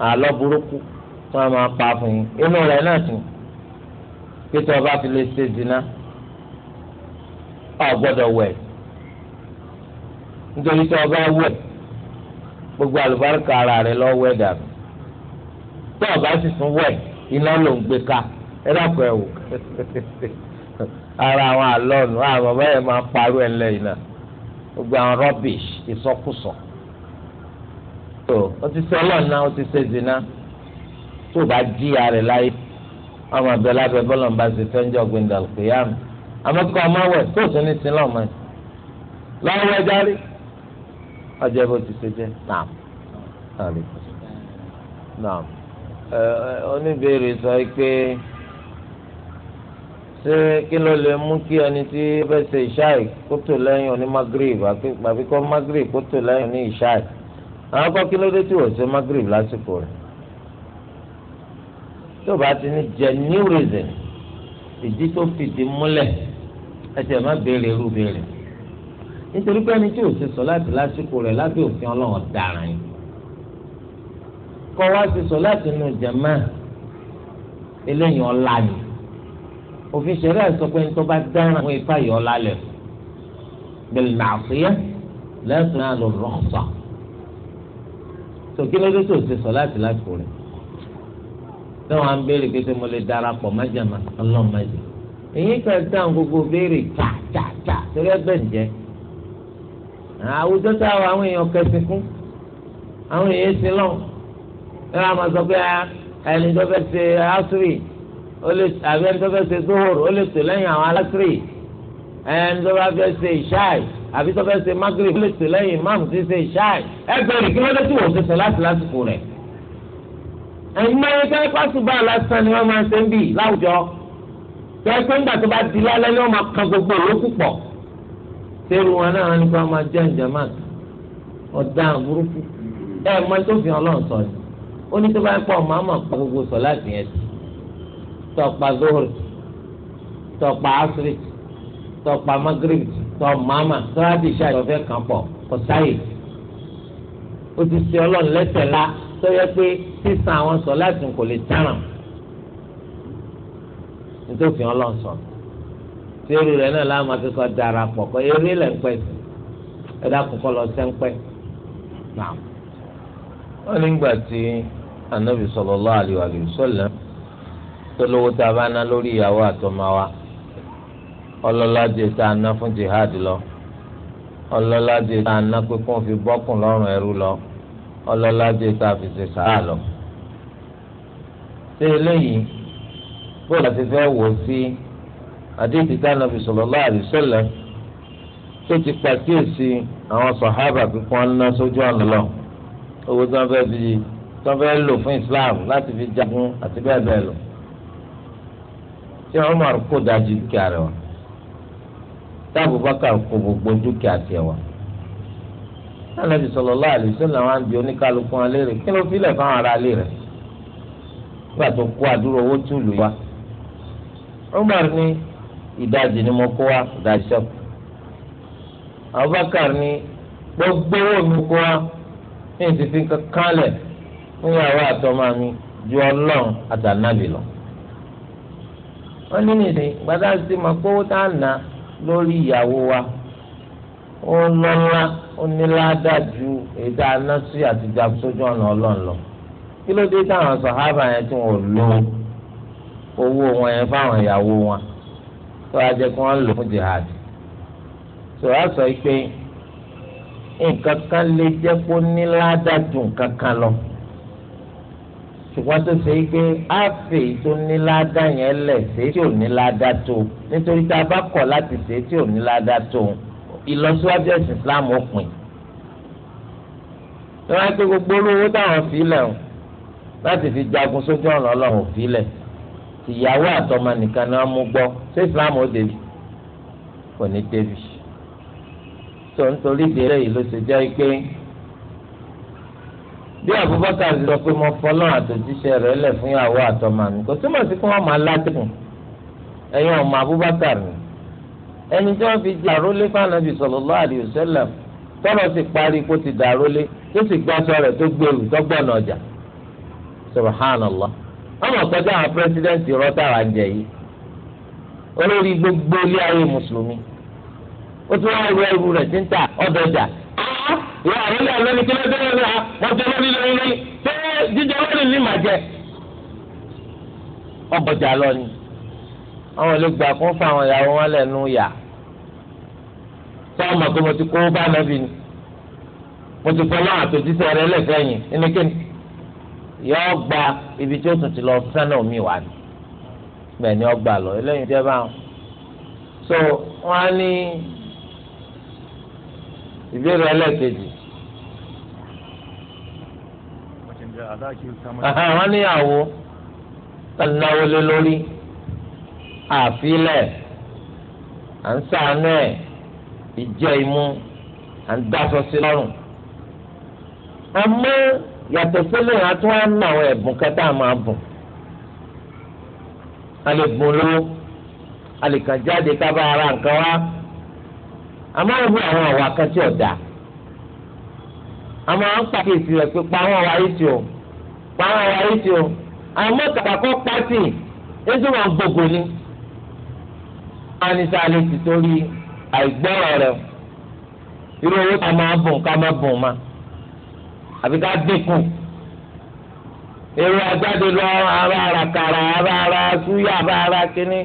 àlọ́ burúkú tí wọn máa pa fún yín inú rẹ̀ náà tún kí tí wọn bá fi lè ṣe dínà ọ gbọ́dọ̀ wẹ̀ nítorí tí wọn bá wẹ̀ gbogbo àlùbáríkà ara rẹ̀ lọ wẹ̀ dànù tí wọn bá sì tún wẹ̀ iná ló ń gbé ká ẹ dákun ẹ wò ara àwọn àlọ́ nù àwọn bàbá yẹn máa parọ́ ẹ̀ lẹ́yìn náà gbogbo àwọn rubbish ìsọkúsọ tó o ti ṣe ọlọ́ọ̀nà o ti ṣe zina tó o bá jí ara láyé ọmọ abẹ lábẹ bọ́lá ń bá ṣe fẹ́ńjọ́ gbẹ̀ndà lùkìyàmù amẹ́kọ́ ọmọ wẹ̀ tó o tún ní sin lọ́mọ yìí lọ́wọ́ ẹ járe ọjọ́ bó ti ṣe jẹ́ naam naam oníbèrè sọ pé ṣé kí ló lè mú kí ẹni tí bẹ́ẹ̀ ṣe ìṣáì kó tò lẹ́yìn oní magrib àbí kọ́ magrib kó tò lẹ́yìn oní ìṣáì àwọn kọ́ kí ló dé tí wọ́n ṣe magrib lásìkò rẹ̀ tó bá ti ní genuine reason ìdí tó fìdí múlẹ̀ ẹsẹ̀ má béèrè irú béèrè nítorí pé ẹni tí ò ṣe sọ láti lásìkò rẹ̀ lábẹ́ òfin ọlọ́run dára yìí kọ́ wá ti sọ láti nu jẹ̀mọ́ eléyìí ọ̀la yìí òfin ṣẹlẹ sọ pé ní tó bá dáná wọn ifá yọ lálẹ́ bẹ́ẹ̀ nàásìyẹ lẹsùn náà lọ rọṣà tòkí lórí tó ṣe sọ láti lásìkò rẹ tí wọn á ń béèrè pé tí mo lè darapọ̀ májàmá ọlọ́mọdé èyí ká dáhùn gbogbo béèrè tààtààtà torí ẹgbẹ́ ǹjẹ́ àwùjọ táwọn àwọn èèyàn kẹsìn fún àwọn èèyàn sí lọ ẹ máa sọ pé ah, ẹni tó fẹ́ ṣe àṣírí ó lè àbí ẹni tó fẹ́ ṣe zohor ó lè tò lẹ́yìn àwọn alákìrì ẹni tó bá fẹ́ ṣe ìṣáì àbí tó fẹ́ ṣe magrib ó lè lẹ́yìn imam ti ṣe ìṣáì ẹgbẹ́rún kí wọ́n lè tí wọ́n ṣe sọ láti lásìkò rẹ̀. ẹ̀yin náà yẹn kẹ́kẹ́ pàṣùbà lásán ni wọ́n máa ń ṣe ń bì láwùjọ kẹ́kẹ́ ńgbà tó bá di lálẹ́ ni wọ́n máa kan gbogbo olókù pọ̀ tẹ́lu wọn náà ni wọ́n máa jẹ́ ìjàmá ọ̀daràn burúkú ẹ̀ mọ́ tó fi Ọlọ́run sọ ni ó ní tó bá ń pọ̀ máa mọ̀ gbogbo sọ láti yẹn sí tọ̀pà zohori tọ̀pà asiri tọ̀pà magrib tọ̀ mama sọ́láàdì ṣáà ìyọ̀fẹ́ kan pọ̀ kò sáyè o ti ṣe ọlọ́run lẹ́sẹ̀ la tó yẹ pé sísan àwọn sọ láti kò lè tẹ̀ràn nítòsí ọlọ́run sọ tí èrè rẹ̀ náà láwọn akẹ́kọ̀ọ́ darapọ̀ kọ́ eré lẹ̀ ń pẹ́ sí ẹ̀dá kọ́kọ́ lọ sẹ́ńpẹ́ náà wọ́n nígbà tí anabi sallallahu alaihi wa sallam tó lówó tá a bá ná lórí ìyàwó àtọmọ wa ọlọ́lá jẹ tá a ná fún jihad lọ ọlọ́lá jẹ tá a ná pé kó fi bọ́kùn lọ́rùn ẹrú lọ ọlọ́lá jẹ tá a fi ṣe sàrà lọ. ṣé eléyìí bóyá láti fẹ́ wò sí àdéhìí tá a fi sallallahu alaihi wasallam tó ti pàkíyèsí àwọn sọ̀hábà pípọ́n ná sójú ọ̀nà lọ owó tí wọ́n fẹ́ fi tí wọ́n fẹ́ lò fún Islam láti fi jagun àti bẹ́ẹ̀ bẹ́ẹ̀ lọ. tí Umar kó dájú dúkìá rẹ̀ wá tí Abubakar kó gbogbo dúkìá tiẹ̀ wá anabi sallallahu alaihi oníkálukú wọn léèrè kí ló filẹ̀ fáwọn ará ilé rẹ̀ nígbà tó kó àdúrà owó túlù wá Umar ní ni mo kó wá ìdajì sẹ́kù Abubakar gbogbo owó mi wọ́n ní nìyí gbadá sí ma kówó tá a nà lórí ìyàwó wa ó nọ́nà ó ní ládàá ju èdè anásí àtijọ́ sójú ọ̀nà ọlọ́run lọ kí ló dé táwọn sọ̀hábà yẹn tí wọ́n lo owó wọn yẹn fáwọn ìyàwó wọn tó a jẹ́ kí wọ́n lò fún jihad tó a sọ pé nǹkan kan lè jẹ́ kó ní ládàá nǹkan kan lọ ṣùgbọ́n tó ṣe é pé á fè tó níláàdá yẹn lẹ̀ ṣe tí ò níláàdá tó nítorí tá a bá kọ̀ láti ṣe tí ò níláàdá tó ìlọsíwájú ẹ̀sìn Islam ó pin. ní wọ́n á pé gbogbo olówó táwọn fi lẹ̀ o láti fi jagun sójú ọ̀nà ọlọ́run fi lẹ̀ ìyàwó àtọmọ nìkan ni wọ́n mú gbọ́ ṣé Islam ó débi kò ní débi. tó ń torí ìdí eléyìí ló ṣe jẹ́ pé. bí Abubakar sọ pé mo fọlọ́ àtòjíṣẹ́ rẹ̀ lẹ̀ fún ìyàwó àtọmọ mi kò túmọ̀ sí fún ọmọ máa látìkùn ẹ̀yin ọmọ Abubakar ni ẹni tí wọ́n fi jẹ́ àrólé fànàbì sallallahu alaihi wasallam tọ́lọ̀ sì parí kó ti dàrólé tó sì gbàsọ rẹ̀ tó gbèrú tọ́gbọ̀nà ọjà subhanallah ọmọ tọ́jú àwọn pírẹsidẹ́ǹtì rọ́tàrà ń jẹ yìí olórí gbogbo ilé ayé mùsùlùmí ó tún wá ru ẹrù rẹ̀ tí ń ta ọ̀dọ̀jà ìwọ àwọn ilé àlọ́ ni kí lọ́jọ́ lọ́jọ́ ha wọ́n jẹ́ lórí lórí lórí pé jíjẹ lórí ní mà jẹ. ọgbọ̀jà lọ ni àwọn olùgbà kún fún àwọn ìyàwó wọn lẹ́nu yà sọ́ọ́ mọ̀ pé mo ti kó bá nàbì ni mo ti fọ́ láwọn àtòjíṣẹ́ rẹ lẹ́fẹ̀ẹ́yìn nínú kíni yọ gba ibi tí ó tún ti lọ sánà omi wà ní bẹ́ẹ̀ ni ọgbà lọ eléyìí jẹ́ báwọn. so wọ́n á ní. Ni ìbéèrè ẹlẹ́ẹ̀kejì. wọ́n níyàwó náwó lé lórí àfilẹ̀ à ń sàánú ẹ̀ ìjẹ́ imú à ń dáṣọ sí lọ́rùn. àmọ́ yàtọ̀ sílẹ̀ àtún á ná àwọn ẹ̀bùn kẹta máa bùn. a lè bùn lówó a lè kàn jáde ká bá ara nǹkan wá àmọ́ ń hu àwọn àwa kan tí ọ̀dà àmọ́ àwọn pàkíyèsí rẹ̀ pé pa àwọn àwa tí o pa àwọn àwa tí o àmọ́ kàkà kọ́ pàtì ẹjọ́ wọn gbogbo ni wọn ní sáà lè ti torí àìgbọ́ràn rẹ̀ irú owó ká máa bùn ká máa bùn ma àbí ká dínkù èrò àjáde lọ ara àràkàrà ara ara súyà ara ara kínní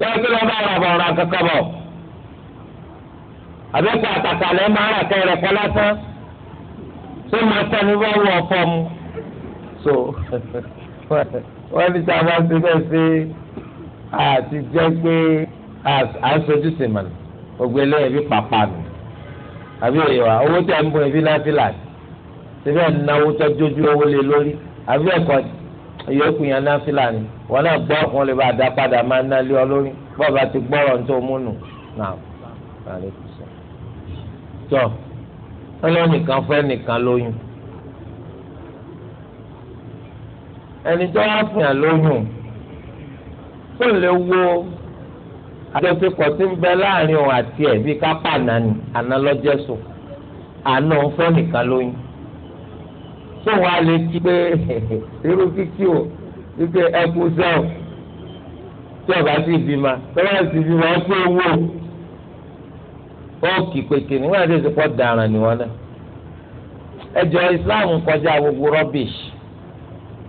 lọ́wọ́ kí lọ́ọ́ bá ara bọ̀ ọ̀ràn kankan bọ̀ àbẹ́kọ̀ àtàkàlẹ̀ máa rà kẹrẹ kọ́ lásán tó máa sẹ́ni bá wọ ọ̀fọ́ mu. so wọ́n ní sábà máa ń ṣe bẹ́ẹ̀ ṣe àti jẹ́ pé à ń sojú sí mà ní ògbélé ẹbí pàpà nù àbí òye wa owó tẹ̀ ń bọ ẹbí láfílà síbẹ̀ náwó tọ́jú ojú owó lé lórí àbí ẹ̀kọ́ ìyókù yẹn náfílà ni wọn náà gbọ́ wọn lè bá a dá padà máa ná lé ọ lórí bọ́ọ̀ bá ti gbọ́rọ̀ ní tó múnú náà tọ́ ọlọ́nìkan fẹ́ nìkan lóyún ẹni tó wá fún yàn lóyún tó lè wo àjọṣepọ̀ tí ń bẹ láàrin òun àti ẹ̀ bí kápá ànáni ànálọ́jẹ́sùn àná òun fẹ́ nìkan lóyún tó wàá lè kí pé irú kíkí o wípé ẹkú sẹ́ọ̀ tí ọ̀gá sì bímọ tọ́lá sì bímọ ẹkú ewu o ó kì í pété nígbà tí èsì pọ̀ dàrán ni wọn náà ẹjọ́ Islam kọjá gbogbo rubbish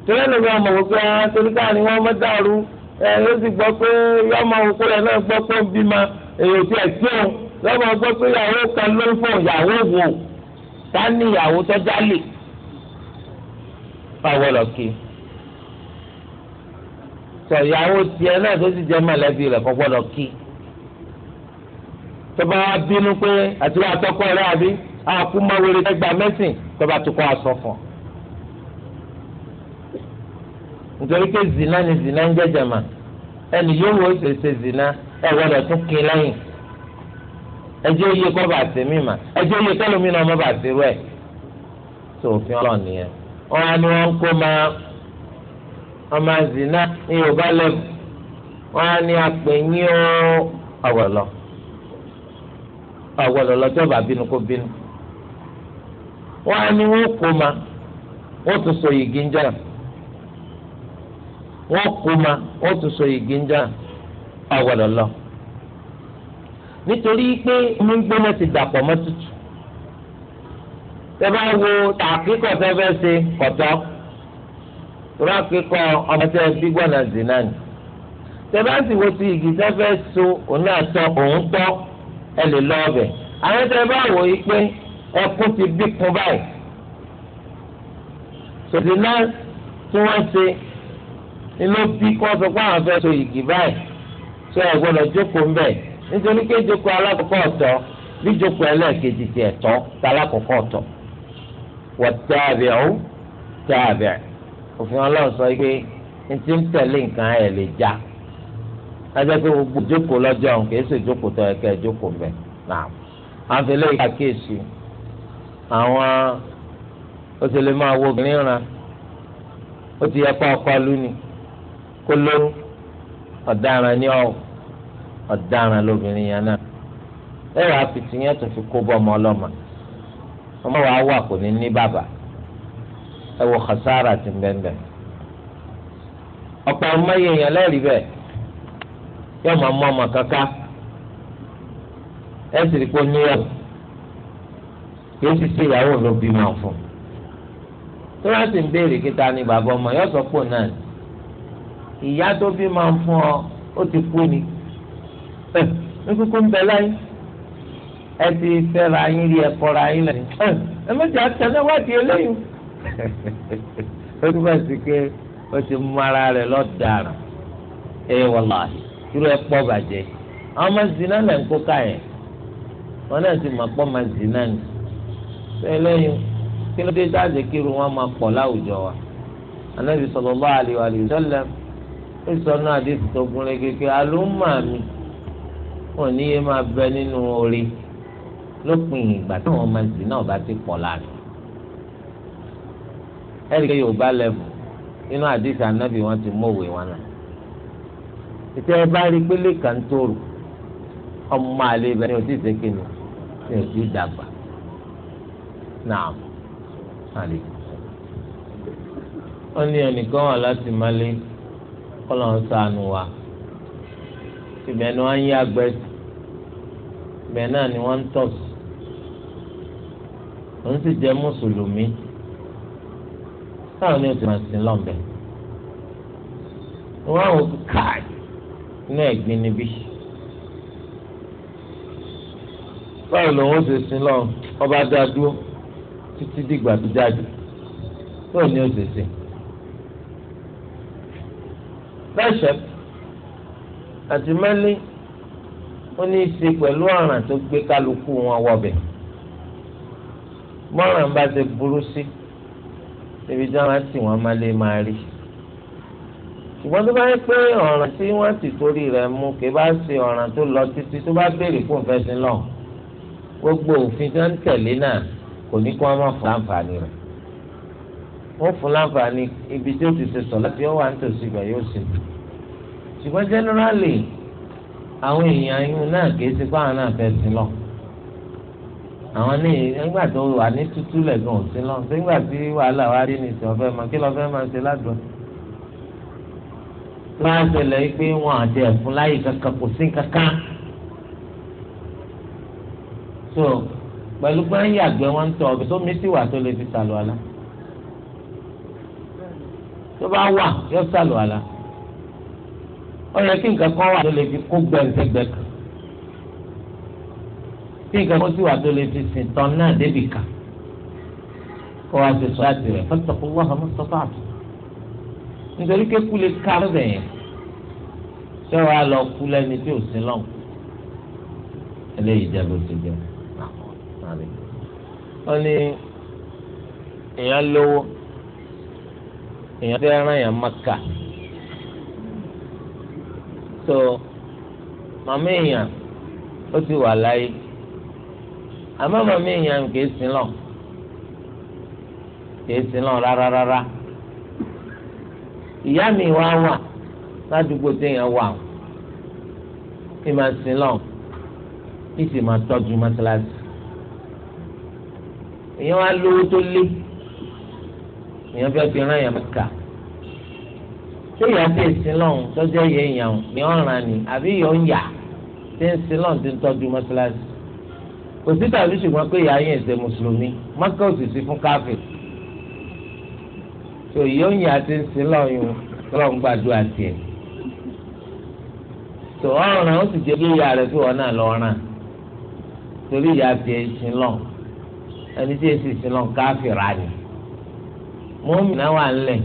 tẹ́lẹ̀ lóbi ọmọ wò pé ẹ ah, torí káà ni wọ́n mọ́ dàrú ẹ yóò sì gbọ́ pé yọmọ wò pé ẹ náà gbọ́ pé ó bímọ èyí ò tí ẹ tí òun lọ́mọ gbọ́ pé ìyàwó kan ló ń fún ìyàwó wò tá ní ìyàwó tọ́já lè fáwọn lọ́kì sọ ìyàwó tiẹ̀ náà tó sì jẹ́ mọ̀lẹ́bí rẹ̀ kọ́ gbọ́dọ̀ kí tọba wa bínú pé àti wàá tọkọ rẹ àbí àkú máa wọlé ẹgbà mẹsìn tọba tó kọ aṣọ nítorí pé zina ni zina ń jẹjẹ mà ẹni yóò wọ ṣèṣe zina ẹ gbọ́dọ̀ tún kí lẹ́yìn ẹjẹ oyè kọ bá ṣe mí mà ẹjẹ oyè kẹlòmí náà má bá ṣe rẹ tó òfin Ọlọ́run nìyẹn wọn á ní wọn kó máa ọmọ zina ní Yorùbá lẹbù wọn á ní apẹyìn ó ọ̀gbọ́dọ̀ lọ́jọ́ba bínú kó bínú. wọ́n á ní wọ́n kó ma wọ́n tún so yìí gíńjà wọ́n kó ma wọ́n tún so yìí gíńjà ọ̀gbọ́dọ̀ lọ. nítorí pé omi gbóná ti dàpọ̀ mọ́ tutù. tẹ́lá wo tàkíkọ̀ fẹ́fẹ́ ṣe kọ̀tọ́ igi fẹ́fẹ́ so òun náà ẹ lè lọ ọbẹ̀ àwọn tẹ bá wò yí pé ẹkún ti bí kun báyìí sòtì náà tí wọ́n ṣe ni ló bí kí wọ́n sọ pé àwọn fẹ́ so yìgì báyìí sọ ẹ gbọ́dọ̀ jókòó ńbẹ̀ nítorí pé jókòó alákọ̀ọ́kọ́ ọ̀tọ̀ bí jókòó ẹlẹ́ẹ̀kejì ti ẹ̀tọ́ tá alákọ̀ọ́kọ́ ọ̀tọ̀ wọ́n tàbí ọ̀hún tàbí òfin ọlọ́run sọ pé n ti ń tẹ̀lé nǹkan ẹ̀ lè já ẹjẹ pé gbogbo jókòó lọ́jọ́ àwọn kìí ṣe jókòó tó ẹkẹ jókòó mbẹ náà àfẹlẹ ìkàkíyèsí àwọn ó ti lè máa wo obìnrin ran ó ti yẹ kó ọkọ lónìí kó lóyún ọ̀daràn ni ọ̀ ọ̀daràn lóbìnrin yẹn náà ẹ̀rọ apìtì yẹn tó fi kó bọ́ ọmọ ọlọ́mọ ọmọ wa wà kò ní ní bàbá ẹ wò ti bẹ́ẹ̀ bẹ́ẹ̀ ọ̀pọ̀ ọmọ yẹn yẹn lẹ́rìí bẹ́ẹ̀ yóò máa mú ọmọ kaka ẹ sì rí pé ó níyàwó kí ó sì ṣe ìyàwó ló bímọ fún tó bá sì ń béèrè kíta ni bàbá ọmọ yóò sọ pé náà ìyá tó bímọ fún ọ ó ti kú ni ẹ ní kúkú ń bẹ láyé ẹ ti fẹ́ra yín rí ẹ̀kọ́ra yín lẹ́yìn ẹ ẹ méjì àtẹnáwádìí eléyìí ó túbọ̀ sí pé ó ti mú ara rẹ̀ lọ́dàrán ẹ wọ́n láàyè irú ẹ pọ̀ bàjẹ́ àwọn máa zina náà ń kó káyẹ̀ wọn náà sì máa pọ̀ máa zina ni ẹlẹ́yìn kí ló dé dáàzé kí irú wọn máa pọ̀ láwùjọ wa anabi sallallahu alaihi wa sallam ó sọ náà àdéhùn tó gúnlẹ̀ kékeré alóńmà mi wọn ní yé máa bẹ nínú orí lópin ìgbà táwọn máa zina ọba ti pọ̀ lánàá ẹ̀ríkẹ́ yorùbá lẹ́bù nínú àdéhùn anabi wọn ti mọ̀wé wọn náà ìtẹ́ ẹ bá rí pélé kan tó rù ọmọ àlè ibẹ̀ ni òtí ìsèkìnnì ni òtí ìdàgbà náà àlè. wọ́n ní ẹnìkan wà láti malé kọ́lọ̀ ń sànù wa ibẹ̀ ni wọ́n ń yá gbẹ́ ibẹ̀ náà ni wọ́n ń tọ̀ sí òun sì jẹ́ mùsùlùmí táwọn ní òtún àti lọ́mbẹ̀ wọ́n á wò inú ẹ̀gbin níbí. báwo lòun ó ṣe sin lọ ọba dá dúró títí dìgbà tó jáde báwo ni ó ṣe sin. bẹ́ẹ̀ṣẹ̀ àti mẹ́lí ó ní í ṣe pẹ̀lú ọ̀ràn tó gbé kálukú wọn wọbẹ̀ mọ́ràn bá ṣe burú sí ibi tí wọ́n á wọ́n má lè máa rí i ṣùgbọ́n tó bá yẹ pé ọ̀ràn tí wọ́n ti torí rẹ̀ mú kí bá ṣe ọ̀ràn tó lọ títí tó bá béèrè fún ìfẹsìn náà gbogbo òfin tó ń tẹ̀lé náà kò ní kí wọ́n má fún láǹfààní rẹ̀ wọ́n fún láǹfààní ibi tí ó ti ṣe sọ láti ọwọ́ àǹtòsí ibẹ̀ yóò ṣe ṣùgbọ́n generally àwọn èèyàn ayún náà kì í ṣe pé àwọn náà fẹ́ sí lọ àwọn ní nígbà tó wà ní tútù lẹ̀ gan lọ nígbà tí wàhálà wa rí ni ìṣọ̀fẹ́ mọ kí lọ fẹ́ máa ṣe ládùn máa ń ṣẹlẹ̀ pé wọn àti ẹ̀fún láyè kankan kò sí kankan. so pẹ̀lú pé ń yàgbẹ́ wọn ń tọ̀ ọ̀bẹ sómi sì wà tó lè fi sàlù àlá tó bá wà yóò sàlù àlá ó yẹ kí nǹkan kan wà tó lè fi kó gbẹ̀ǹsẹ̀gbẹ̀ kan kí nǹkan kan sì wà tó lè fi sìn tán náà débì kó wá ṣe sọ àti rẹ̀ fẹ́tọ̀kú wà hàn mọ́tò fáàtì nítorí pé kú lè ka lọ́bẹ̀ yẹn ṣé wàá lọ kú lẹ́ni tí ò sí lọ́hùn eléyìí jẹ́ bó ti jẹ́ wọ́n ní èèyàn lówó èèyàn fẹ́ rán èèyàn maka so màmá èèyàn ó ti wà láyé àmọ́ màmá èèyàn kìí sin lọ kìí sin lọ rárá rárá. Rá ìyá mi wá wà ládùúgbò téèyàn wà ó kí máa sin lọ kí sì máa tọ́jú mọ́ṣáláṣí èèyàn wá lówó tó lé èèyàn fẹ́ fi rán èèyàn mẹ́ka téèyàn dé sin lọ tọ́jú ẹ̀yẹ èèyàn ní ọ̀ràn ni àbí èèyàn ń yà tí ń sin lọ tí ń tọ́jú mọ́ṣáláṣí kò sí tàbí ṣùgbọ́n pé ìyá yẹn ṣe mùsùlùmí mọ́kà òsì sí fún káfíìn tó yóòyìn àti ńsìnlọ́yìn tọ́lọ́n gbàdúrà tiẹ̀ tó ọ̀ràn ó sì jẹ́ kí ìyá rẹ̀ fi wọ́n náà lọ ràn torí ìyá tiẹ̀ ńsìnlọ́n ẹni tí èsì ńsìnlọ́n káfíìrà ni mọ́mì náà wà ńlẹ̀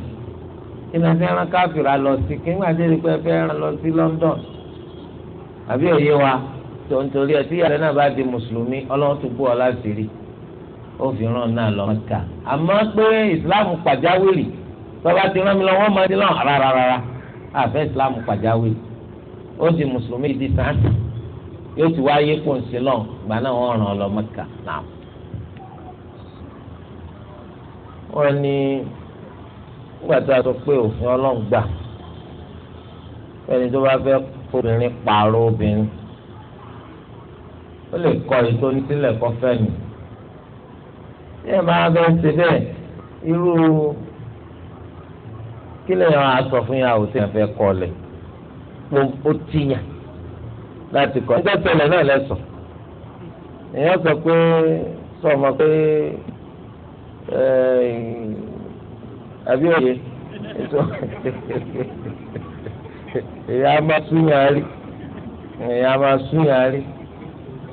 kí náà fẹ́ rán káfíìrà lọ sí kí nígbà tí èdè pé fẹ́ rán lọ sí London àbí òye wa tó nítorí ẹ tí ìyá rẹ̀ náà bá di mùsùlùmí ọlọ́run tó bú ọ láti rí ó fi ràn náà lọ Mẹ́kà àmọ́ pé ìsìláàmù pàjáwìrì bàbá ti rán mi lọ wọ́n máa di lọ́n rárá rárá àfẹ́ islam pàjáwìrì ó di mùsùlùmí di sáǹtì yóò ti wáyé kó ń sin lọ́n gbà náà wọ́n ràn ọ́ lọ Mẹ́kà náà. wọ́n ní nígbà tí a sọ pé òfin ọlọ́run gbà ẹni tó bá fẹ́ obìnrin pààrọ̀ obìnrin ó lè kọ ètò onísílẹ̀ kọfẹ́ nì. bí ẹ máa bẹ ṣe bẹ́ẹ̀ irú kí lè yàn á sọ fún yàwó tí yàn fẹ́ kọ́lẹ̀ mo ó tiyàn láti kọ́ nígbà tẹ̀lẹ̀ náà lẹ́sọ̀ èèyàn sọ pé sọ ma pé àbí òye èèyàn á máa súnyàn rí èèyàn á máa súnyàn rí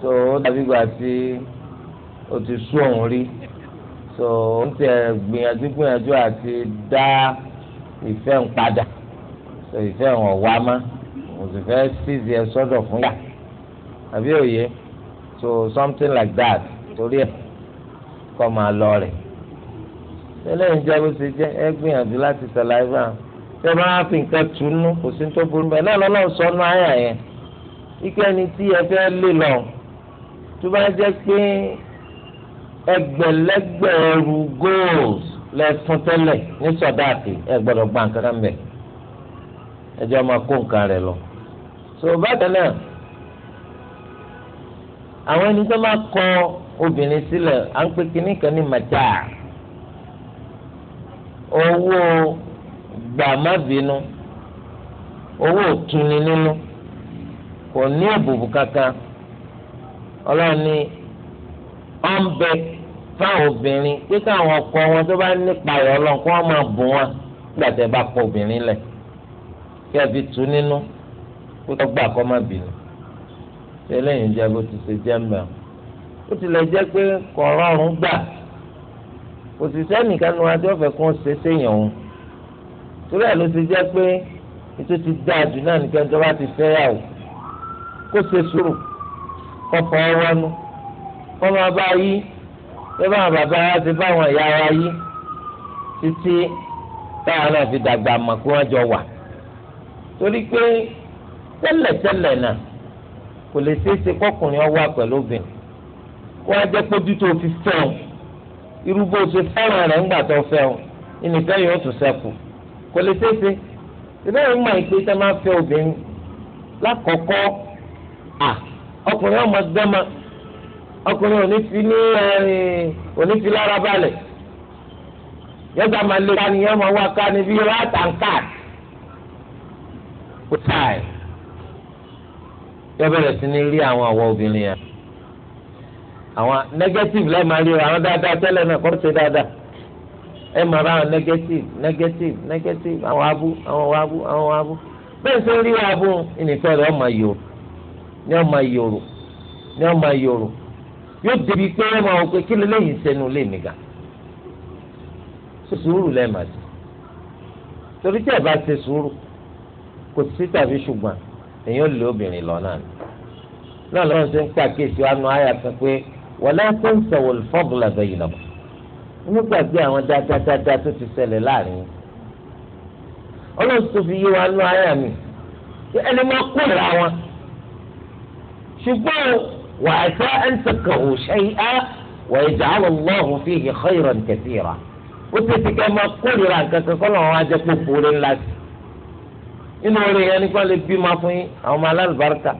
tó ó dàbí gbà tí o ti sún òun rí tó ó ń tẹ̀ gbìyànjú gbìyànjú àti dá ìfẹ́ ń padà sọ ìfẹ́ ń ọ̀wá má mo sì fẹ́ ṣíṣe ẹ sọ́dọ̀ fún yà àbí òye so something like that torí ẹ kọ́ máa lọ rẹ̀ eléyìí jẹ́ bó ṣe jẹ́ ẹ gbìyànjú láti saliva ṣé máa fi nǹkan túnú kò sí tó burú bẹ́ẹ̀ náà lọ́nà sọnù àyà yẹn ike ẹni tí ẹ fẹ́ lè lọ tó bá jẹ́ pé ẹgbẹ̀lẹ́gbẹ̀ ẹrù goals lẹ fún tẹ́lẹ̀ ní sọdáàtì ẹ gbọ́dọ̀ gba nǹkan máa kó nǹkan lọ so náà àwọn ẹni tó máa kọ obìnrin sílẹ̀ à ń pè kínní kan ní màjá owó gbàmábínú owó òtúni nínú kò ní òbùbù kankan fáwọn obìnrin pé káwọn ọkọ wọn tó bá nípa ẹ̀ ọlọ́run kó wọ́n máa bùn wọn nígbà tẹ́ bá pọ̀ obìnrin lẹ̀ kí ẹ fi tu nínú kó tó gbà kọ́ má bínú ṣé lẹ́yìn jẹ́ bó ti ṣe jẹ́ mbẹ́ ó tilẹ̀ jẹ́ pé kọ̀ rọrùn gbà kò sì sẹ́nìkan nu adé ọ̀fẹ́ kó ṣe séyàn òun torí ẹ̀ ló ti jẹ́ pé ètò ti dáa jù náà nìkan tó bá ti fẹ́ yà kó ṣe sùúrù kọ́ fọ́ ọ́ bí báwọn bàbá wa ti báwọn ìyá wa yí títí táwọn náà fi dàgbà mọ̀ pé wọ́n jọ wà torí pé tẹ́lẹ̀tẹ́lẹ̀ náà kò lè ṣeé ṣe kọkùnrin ọwọ́ pẹ̀lú obìnrin wọ́n á jẹ́ pójú tó fi fẹ́ o irú ṣe fẹ́ràn rẹ̀ ńgbà tó fẹ́ o ìnìfẹ́ yóò tún ṣẹ́kù kò lè ṣeé ṣe ìbéèrè mọ̀ ìpè tẹ́ máa fẹ́ obìnrin lákọ̀ọ́kọ́ à ọkùnrin ọmọ gbẹ́mọ ọkùnrin ò ní fi ní ò ní fi lára balẹ̀ yọta máa lé ká nìyẹn máa wá ká níbi ráàtà ń ká kó táì yọ bẹ̀rẹ̀ sí ní rí àwọn àwọ̀ obìnrin yẹn àwọn negative lẹ́ẹ̀ máa rí o àwọn dáadáa tẹ́lẹ̀ náà kọ́ ṣe dáadáa ẹ máa bá àwọn negative negative negative àwọn abú àwọn abú àwọn abú bẹ́ẹ̀ sọ rí abú ìnìfẹ́ rẹ̀ ọmọ yòrò ní ọmọ yòrò ní ọmọ yòrò yóò débi pé ẹ máa wọ pé kí lélẹ́yìn sẹ́nu lè mí ga sùúrù lẹ́ẹ̀ma sí torí tí ẹ bá ṣe sùúrù kò sí tàbí ṣùgbọ́n èèyàn lè obìnrin lọ náà náà lọ́run ṣe ń pàkíyèsí wa nu àyà kan pé wọ́n lẹ́yìn tó ń sọ̀wọ́ fọ́bùlà bẹ́yìn lọ́wọ́ nígbà tí àwọn dáadáa tó ti ṣẹlẹ̀ láàrin ọlọ́run tó fi yé wa nu àyà mi ẹni máa kó ìra wọn ṣùgbọ́n وعسى أن تكرهوا شيئا ويجعل الله فيه خيرا كثيرا وتتك ما قول لك كقول واجه كفور لك inú orin yẹn ni kí wọn lè bímọ fún yín àwọn ọmọ alálùbáríkà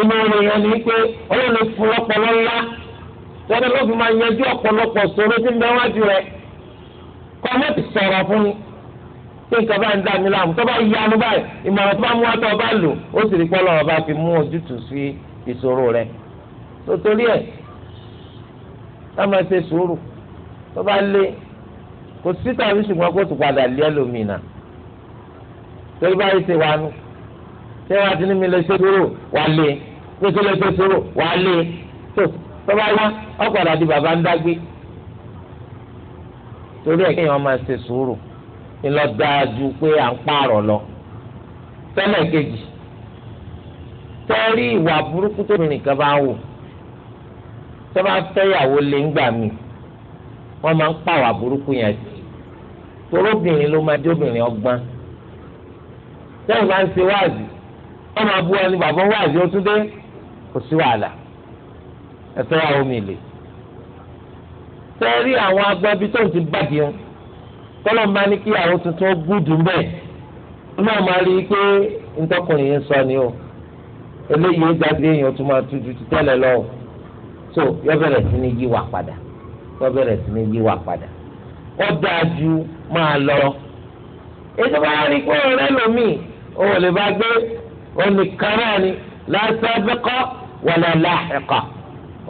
inú orin yẹn ni pé ọlọ́run lè fún ọpọlọ ńlá tọ́lá ló fi máa yanjú ọ̀pọ̀lọpọ̀ sọ̀rọ̀ tí ń bẹ wájú rẹ̀ kọ́ ọ mọ̀tì sọ̀rọ̀ fún mi pé nǹkan bá ń dà mí láàmú tó bá yanu báyìí ìmọ̀ràn tó bá mú wá tó bá lò ó sì rí pọ́lọ́ ọba fi mú ojútùú sí i ìṣòro rẹ sotori ẹ ká máa ṣe sùúrù tó bá lé kò sí tàbí ṣùgbọ́n kó tún padà lé ẹlòmínà torí báyìí ṣe wà nù ṣé wàá ti ní mi lè ṣe sùúrù wà lé kó tó lè ṣe sùúrù wà lé tó tó bá yá ọ̀padà di bàbá ń dágbé torí ẹ kéèyàn máa ṣe sùúrù ńlọ dáa ju pé à ń pààrọ̀ lọ tẹ́lẹ̀ kejì tẹ́rí ìwà burúkú tó rìn kan bá wò tó bá fẹ́yàwó lé ńgbà mí wọ́n máa ń pàwà burúkú yẹn sí torobìnrin ló máa dóbìnrin ọgbọ́n tẹ́yìn bá ń ṣe wáàzì wọ́n máa bú ẹni bàbá wáàzì ó tún dé kò sí wàhálà lè tẹ́rí àwọn tó ń ti bàjẹ́ wọn tọ́lọ́ máa ní kíyàwó tuntun gùdù eléyìí ó jáde èèyàn tó máa tutù ti tẹ́lẹ̀ lọ so yọ bẹ̀rẹ̀ sí ní yíwà padà yọ bẹ̀rẹ̀ sí ní yíwà padà ó dáa ju máa lọ ètò bá rí pé ọ̀rẹ́ lomi òun lè bá gbé onìkan náà ni lásán bẹ́kọ́ wọlé láàkà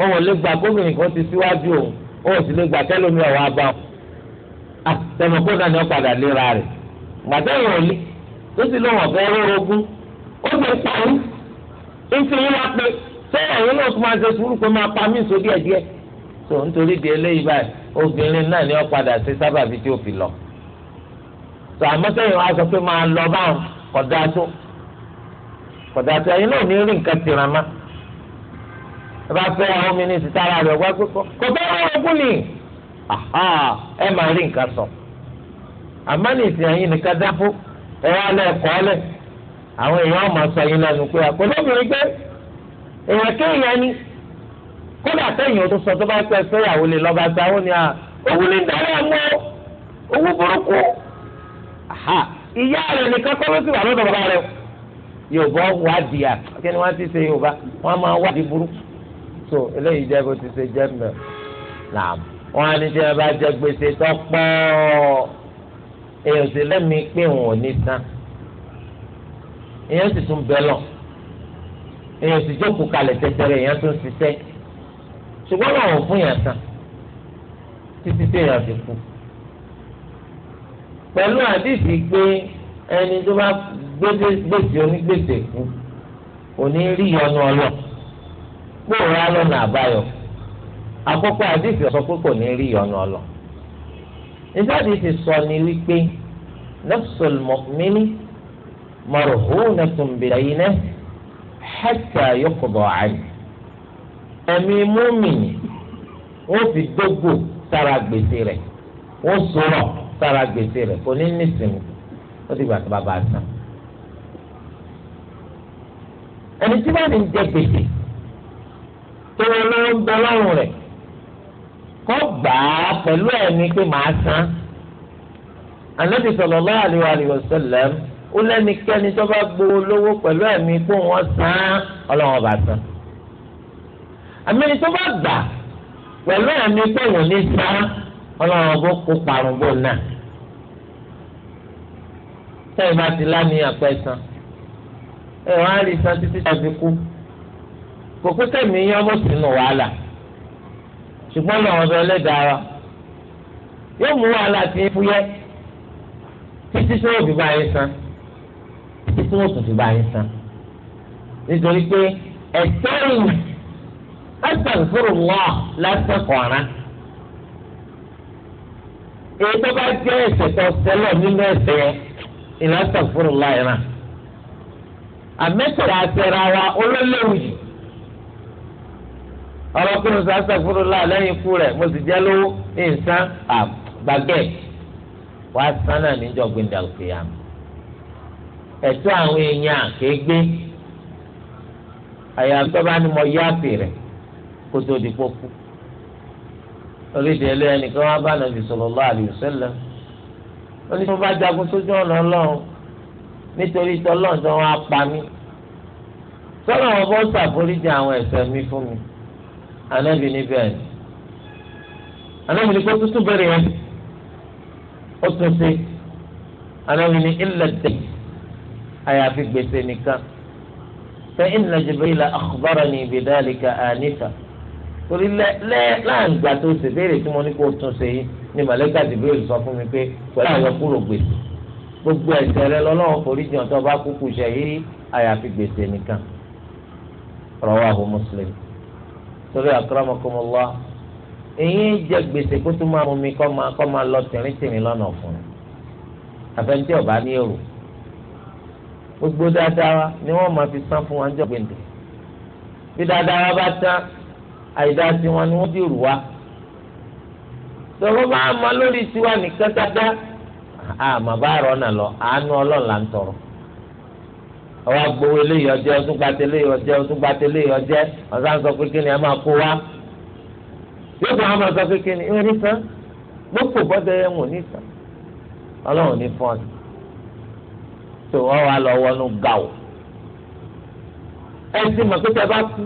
òun lè gba gómìnà kan ti síwájú òun òun sì lè gba tẹ́lómi ọ̀wá bá wọn. àtẹnukó náà ni ó padà léra rẹ̀ gbàtẹ́ ìrọ̀lẹ́ tó sì lóun ọ̀fẹ́ rórogún ó ti parí. ntì yín lápẹ pe ẹ̀yin náà tún máa ṣe sùúrù pé máa pa mí sọ díẹ̀ díẹ̀ tó nítorí di eléyìí báyìí obìnrin náà ni ó padà sí sábàbí tí ó fi lọ tó àmọ́ sẹ́yìn wá sọ pé máa lọ báwọn kọ̀dá tó kọ̀dá tó ẹ̀yin náà ní rí nǹkan tìràn má ẹ bá àwọn wá pé kò bá wọn ogún ni ẹ máa rí nǹkan sọ àmọ́ ẹ̀yin nìkan dáfó ẹ wá àwọn èèyàn ọmọ sọ yín lẹ́nu pé àkọlóbìnrin pé èèyàn kéèyàn ni kódà tẹ̀yìn o tó sọ tó bá pẹ́ sẹ́yàwó lè lọ́ba sí àwọn ni owó ní dáwọ́ ẹ̀mọ́ owó burúkú ìyá rẹ̀ nìkan kọ́ ló sì wà lọ́dọ̀ bàbá rẹ̀ yorùbá wádìí à kí ni wọ́n ti ṣe yorùbá wọ́n máa wádìí burúkú so eléyìí jẹ́ bó ti ṣe jẹ́ mẹ́ nàám wọ́n á ní tí wọ́n bá jẹ gbèsè tó pọ̀ èèyàn èèyàn sì tún bẹ lọ èèyàn sì jókòó kalẹ̀ tẹ́tẹ́rẹ́ èèyàn tún ṣiṣẹ́ ṣùgbọ́n làwọn fún yàn tán títí téèyàn fi kú pẹ̀lú àdìsí pé ẹni tó bá gbèsè onígbèsè kú òní rí ọnu ọlọ gbòòrò alọ́nà àbáyọ àkọ́kọ́ àdìsí sọ pé kò ní rí ọnu ọlọ nígbà tí ti sọ ni wípé nafsul mu'mini marhunatun bidayinẹ hatta yuqda anhu ẹ̀mí múmìnì ó fi dógò sára gbèsè rẹ̀ ó sọ̀rọ̀ sára gbèsè rẹ̀ kò ní nísìnyí ó ti gbà tó bá bá a san ẹni tí wọn ní jẹ gbèsè tó wọn lọ́wọ́ ń bẹ lọ́rùn kọ gbà á pẹ̀lú ẹni pé màá san Ànábì sallallahu alaihi wa sallam ó lẹ́nikẹ́ni tó bá gbowó lówó pẹ̀lú ẹ̀mí kó wọ́n san án ọlọ́wọ́n bá san. àmẹ́ni tó bá gbà pẹ̀lú ẹ̀mí pé wọ́n ní san án ọlọ́wọ́n bó kó parun bó náà. sẹ́yìn bá ti lánìyàn pẹ́ san ẹ wọ́n á rí san títí tó fi kú. kò pé kẹ́mi yán bó sínú wàhálà ṣùgbọ́n lọ́wọ́n bẹ lẹ́dàá yóò mú wàhálà tí ń fúyẹ́ títí tó òbí bá yẹn títí tí wọ́n tún fi bá yín san nítorí pé ẹ̀sẹ̀ ìyìn ẹ̀sẹ̀ ìfúrò wọ́n lásán kọ̀ọ̀rán èyí tó bá jẹ́ ẹ̀sẹ̀ tó sẹ́lọ̀ nínú ẹ̀sẹ̀ yẹn ìlà ẹ̀sẹ̀ ìfúrò láì ràn àmẹ́sọ̀rọ̀ àtẹ̀rẹ̀ ara olólèwì yìí ọlọ́kùnrin sọ ẹ̀sẹ̀ ìfúrò láì lẹ́yìn ikú rẹ̀ mo sì jẹ́ lówó ní ìsán àgbàgẹ́ wàá sánà níjọ́ gbẹ̀ndàlùkìyàmù ẹ̀tọ́ àwọn èèyàn àkégbé àyàfi tó bá ní mo yá àpè rẹ̀ kó tó di pọ́kú oríṣi ẹlẹ́yìn ẹnìkan wá bá nàbì sallallahu alaihi wasallam wọ́n ní tó bá jagun sójú ọ̀nà ọlọ́run nítorí tọ́lọ́run tó wọ́n á pa mí sọ́nà wọn bọ́ ṣàforíjì àwọn ẹ̀ṣẹ̀ mi fún mi ànábì ní bẹ́ẹ̀ ni ànábì ní kó tuntun bẹ̀rẹ̀ yẹn ó tún ṣe ànábì ní ilẹ̀ tẹ̀sí àyàfi gbèsè nìkan fa inna Jibril akhbarani bidhalika anifa torí láǹgbà tó ṣe béèrè tí mo ní kó tún ṣe yìí ni màlẹ́kà Jibril sọ fún mi pé pẹ̀lú àwọn kúrò gbèsè gbogbo ẹ̀ṣẹ̀ rẹ lọ́lọ́run forí jìn tó bá kúkú ṣe yìí àyàfi gbèsè nìkan rawahu Muslim torí akramakumullah èyí jẹ gbèsè kó tún máa mú mi kọ́ máa lọ tìrìntìrìn lọ́nà fún àfẹnjẹ́ ọ̀bá ní èrò gbogbo dáadáa wa ni wọ́n máa fi san fún wa níjọ́ gbèǹdé bí dáadáa wa bá tán àìdáa sí wọn ni wọ́n dìrù wa tọ́wọ́ máa ma lórí tiwa nìkan dáadáa àmà bá rọ̀ ọ̀nà lọ àánú ọlọ́run là ń tọrọ ọwọ́ agbowó eléyìí ọjẹ́ ọdún gbàtẹ́ eléyìí ọjẹ́ ọdún gbàtẹ́ eléyìí ọjẹ́ ọ̀sán sọ pé kí ni a máa kó wa yóò fún àwọn ọmọ sọ pé kí ni ìwé ní gbogbo bọ́dọ̀ yẹn wò ní sàn ọlọ́run ní fọ́ọ̀nù so wọ́n wá lọ wọnú gàù ẹ sì mọ̀ pé tẹ bá kú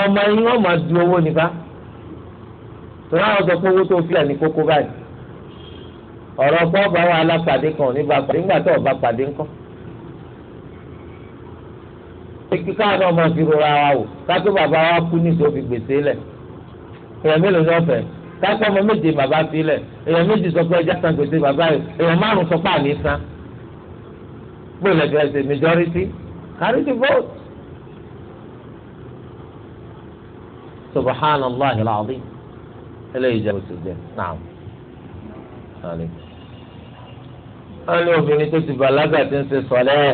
ọmọ yín wọ́n máa du owó nípa tòun àwọn sọ pé owó tó filẹ̀ ní kókó báyìí ọ̀rọ̀ pé ọba wa alápàdé kan ní bá pàdé nígbà tó ọba pàdé ńkọ́. Èkí káàdì ọmọ fi rora wa wò kátó bàbá wa kú ní ìṣòfin gbèsè lẹ̀. Ìyá ní ọ̀fẹ́? kápẹ́ ọmọ méje bàbá filẹ̀ èèyàn méjì sọ pé ẹja san gbèsè bàbá yìí èèyàn márùn sọ pé àní san gbọ́dọ̀ lẹ́gbẹ̀ẹ́ ṣe majority carry the vote. سبحان الله العظيم eléyìí jẹ́ oṣù jẹ́ naam wọ́n ní obìnrin tó ti bàlágà ti ń ṣe sọ̀lẹ́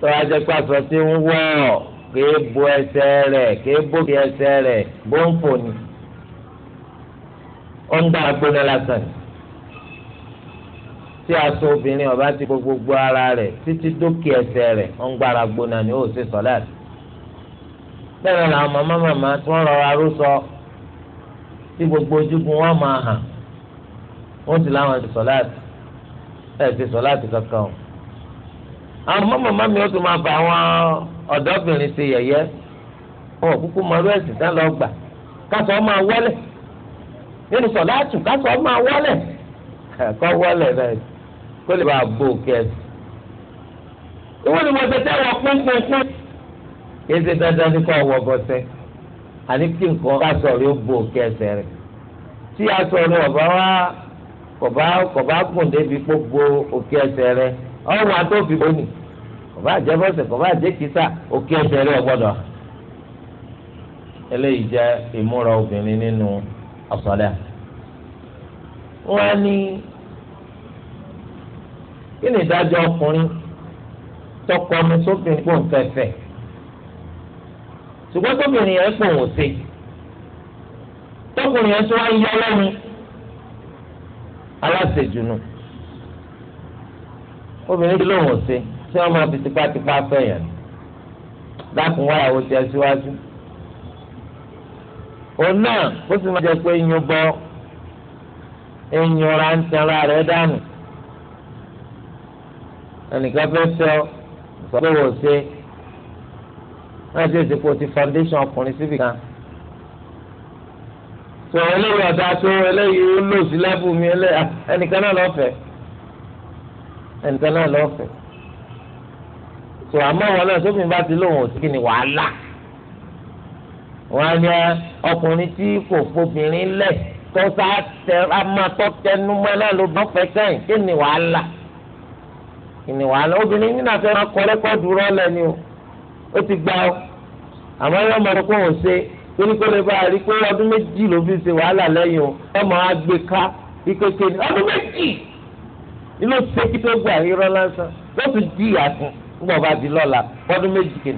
tó a jẹ́ pé aṣọ tí ń wọ̀ kéé bo ẹsẹ̀ rẹ̀ kéé bókè ẹsẹ̀ rẹ̀ bó ń fò ni ọ̀ndà agbóná lásán tí aṣọ obìnrin ọba ti gbogbo ara rẹ̀ títí dókè ẹsẹ̀ rẹ̀ ọ̀ngbára gbóná ni ó ṣe sọ̀láàtì bẹ́ẹ̀ ni àwọn màmá màmá tí wọ́n rọra ró sọ tí gbogbo ojúgun wọn máa hàn wọ́n ti láwọn ti sọ̀láàtì ẹ̀ ti sọ̀láàtì kankan o àwọn màmá màmá mi ó tún máa bá àwọn ọ̀dọ́bìnrin ṣe yẹ̀yẹ́ wọn ò kúkú mọ ẹ̀sìn tán lọ gbà káṣọ máa nínú sọ̀láàtù kásọ̀ máa wọlé kọ́ wọlé náà kó lè bàa bò kẹ́sì. ìwọ ni mo ṣe tẹ́wọ̀ kúnkúnkún. kéde dandan ní kọ́ wọ bọ́sẹ̀ àní kí nǹkan kásọ̀ rí ó bò kẹ́sì rẹ̀. tí aṣọ ni ọ̀bá wa kọ̀bá gùn débi gbogbo òkè ẹsẹ̀ rẹ̀ ọ̀run àtòfin bóni kọ̀bá àjẹbọ̀sẹ̀ kọ̀bá àjẹkísà òkè ẹsẹ̀ rẹ̀ ọ̀gbọ́dọ̀. eléyìí jẹ́ ìmúra obìnrin nínú as-salah wọ́n ní kí ni ìdájọ́ ọkùnrin tọkọ ọmọ sóbìnrin pò ń fẹ́fẹ́ ṣùgbọ́n sóbìnrin yẹn pò ń ṣe tọkùnrin yẹn tó wá yọ lẹ́nu aláṣejù nù obìnrin tí lòun ò ṣe tí wọ́n máa fi tipátipá fẹ́ yẹn dákun wáyà wo ti ẹ síwájú òun náà ó sì máa jẹ pé eyín bọ eyín ọ̀rá ń tanra rẹ̀ dànù ẹnìkan fẹ́ fẹ́ ọ ìsọ̀rọ̀ wò ṣe wọ́n ti ṣe kó ti foundation ọkùnrin síbi kan tó eléyìí ọ̀dà tó eléyìí ó lò sí lẹ́bù mi ẹnìkan náà lọ́fẹ̀ẹ́ ẹnìkan náà lọ́fẹ̀ẹ́ tó àmọ́ wọn náà sófin bá ti lóun ò sí kí ni wàhálà. wọn ni ọkùnrin tí kò fobìnrin lẹ̀ tọ́sà amatọ́ tẹnumọ́ náà ló bá fẹ́ sẹ́yìn kí ni wàhálà kí ni wàhálà obìnrin nínú máa ni o ó ti gbà ó àmọ́ yóò máa òun ṣe lè bá a rí pé ọdún méjì ló fi ṣe wàhálà o ẹ máa gbé ká ni ọdún méjì ilé kí tó gbà lásán lọ́sùn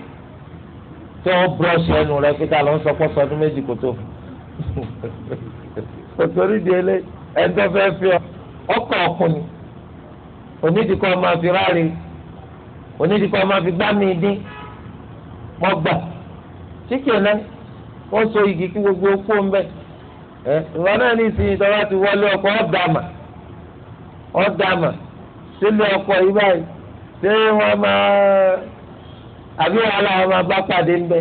tí wọ́n búrọ́ọ̀ṣì ẹnu rẹ pé ká ló ń sọ pọ́ sọdún méjì kò tó kò torí di ẹlẹ́ ẹ̀ńtọ́ fẹ́ fi ọkọ̀ ọkùnrin onídìí kọ́ máa fi ráre onídìí máa fi gbá mi dín gbà wọ́n so igi kí gbogbo kó ń ẹ ìwọ náà ní ìsinyìí ti wọlé ọkọ̀ ọ̀dàmà ọ̀dàmà ọkọ̀ àbí wàhálà wọn máa bá pàdé ńbẹ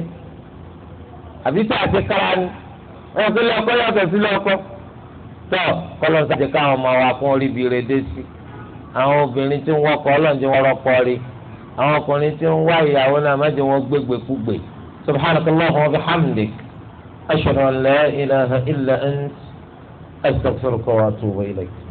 àbí tá a ti kára ni wọn fi lọkọ yàtọ̀ sí lọkọ tọ kọlọsà ti káwọn ọmọ wa fún orí ibi rẹ dé sí àwọn obìnrin tí ń wọkọ ọlọ́njẹ wọn rọpò rí àwọn ọkùnrin tí ń wá ìyàwó náà mẹjọ wọn gbégbé kúgbé subhanakallahu wa bihamdik ashhadu an la ilaha illa ant astaghfiruka wa atubu ilayk.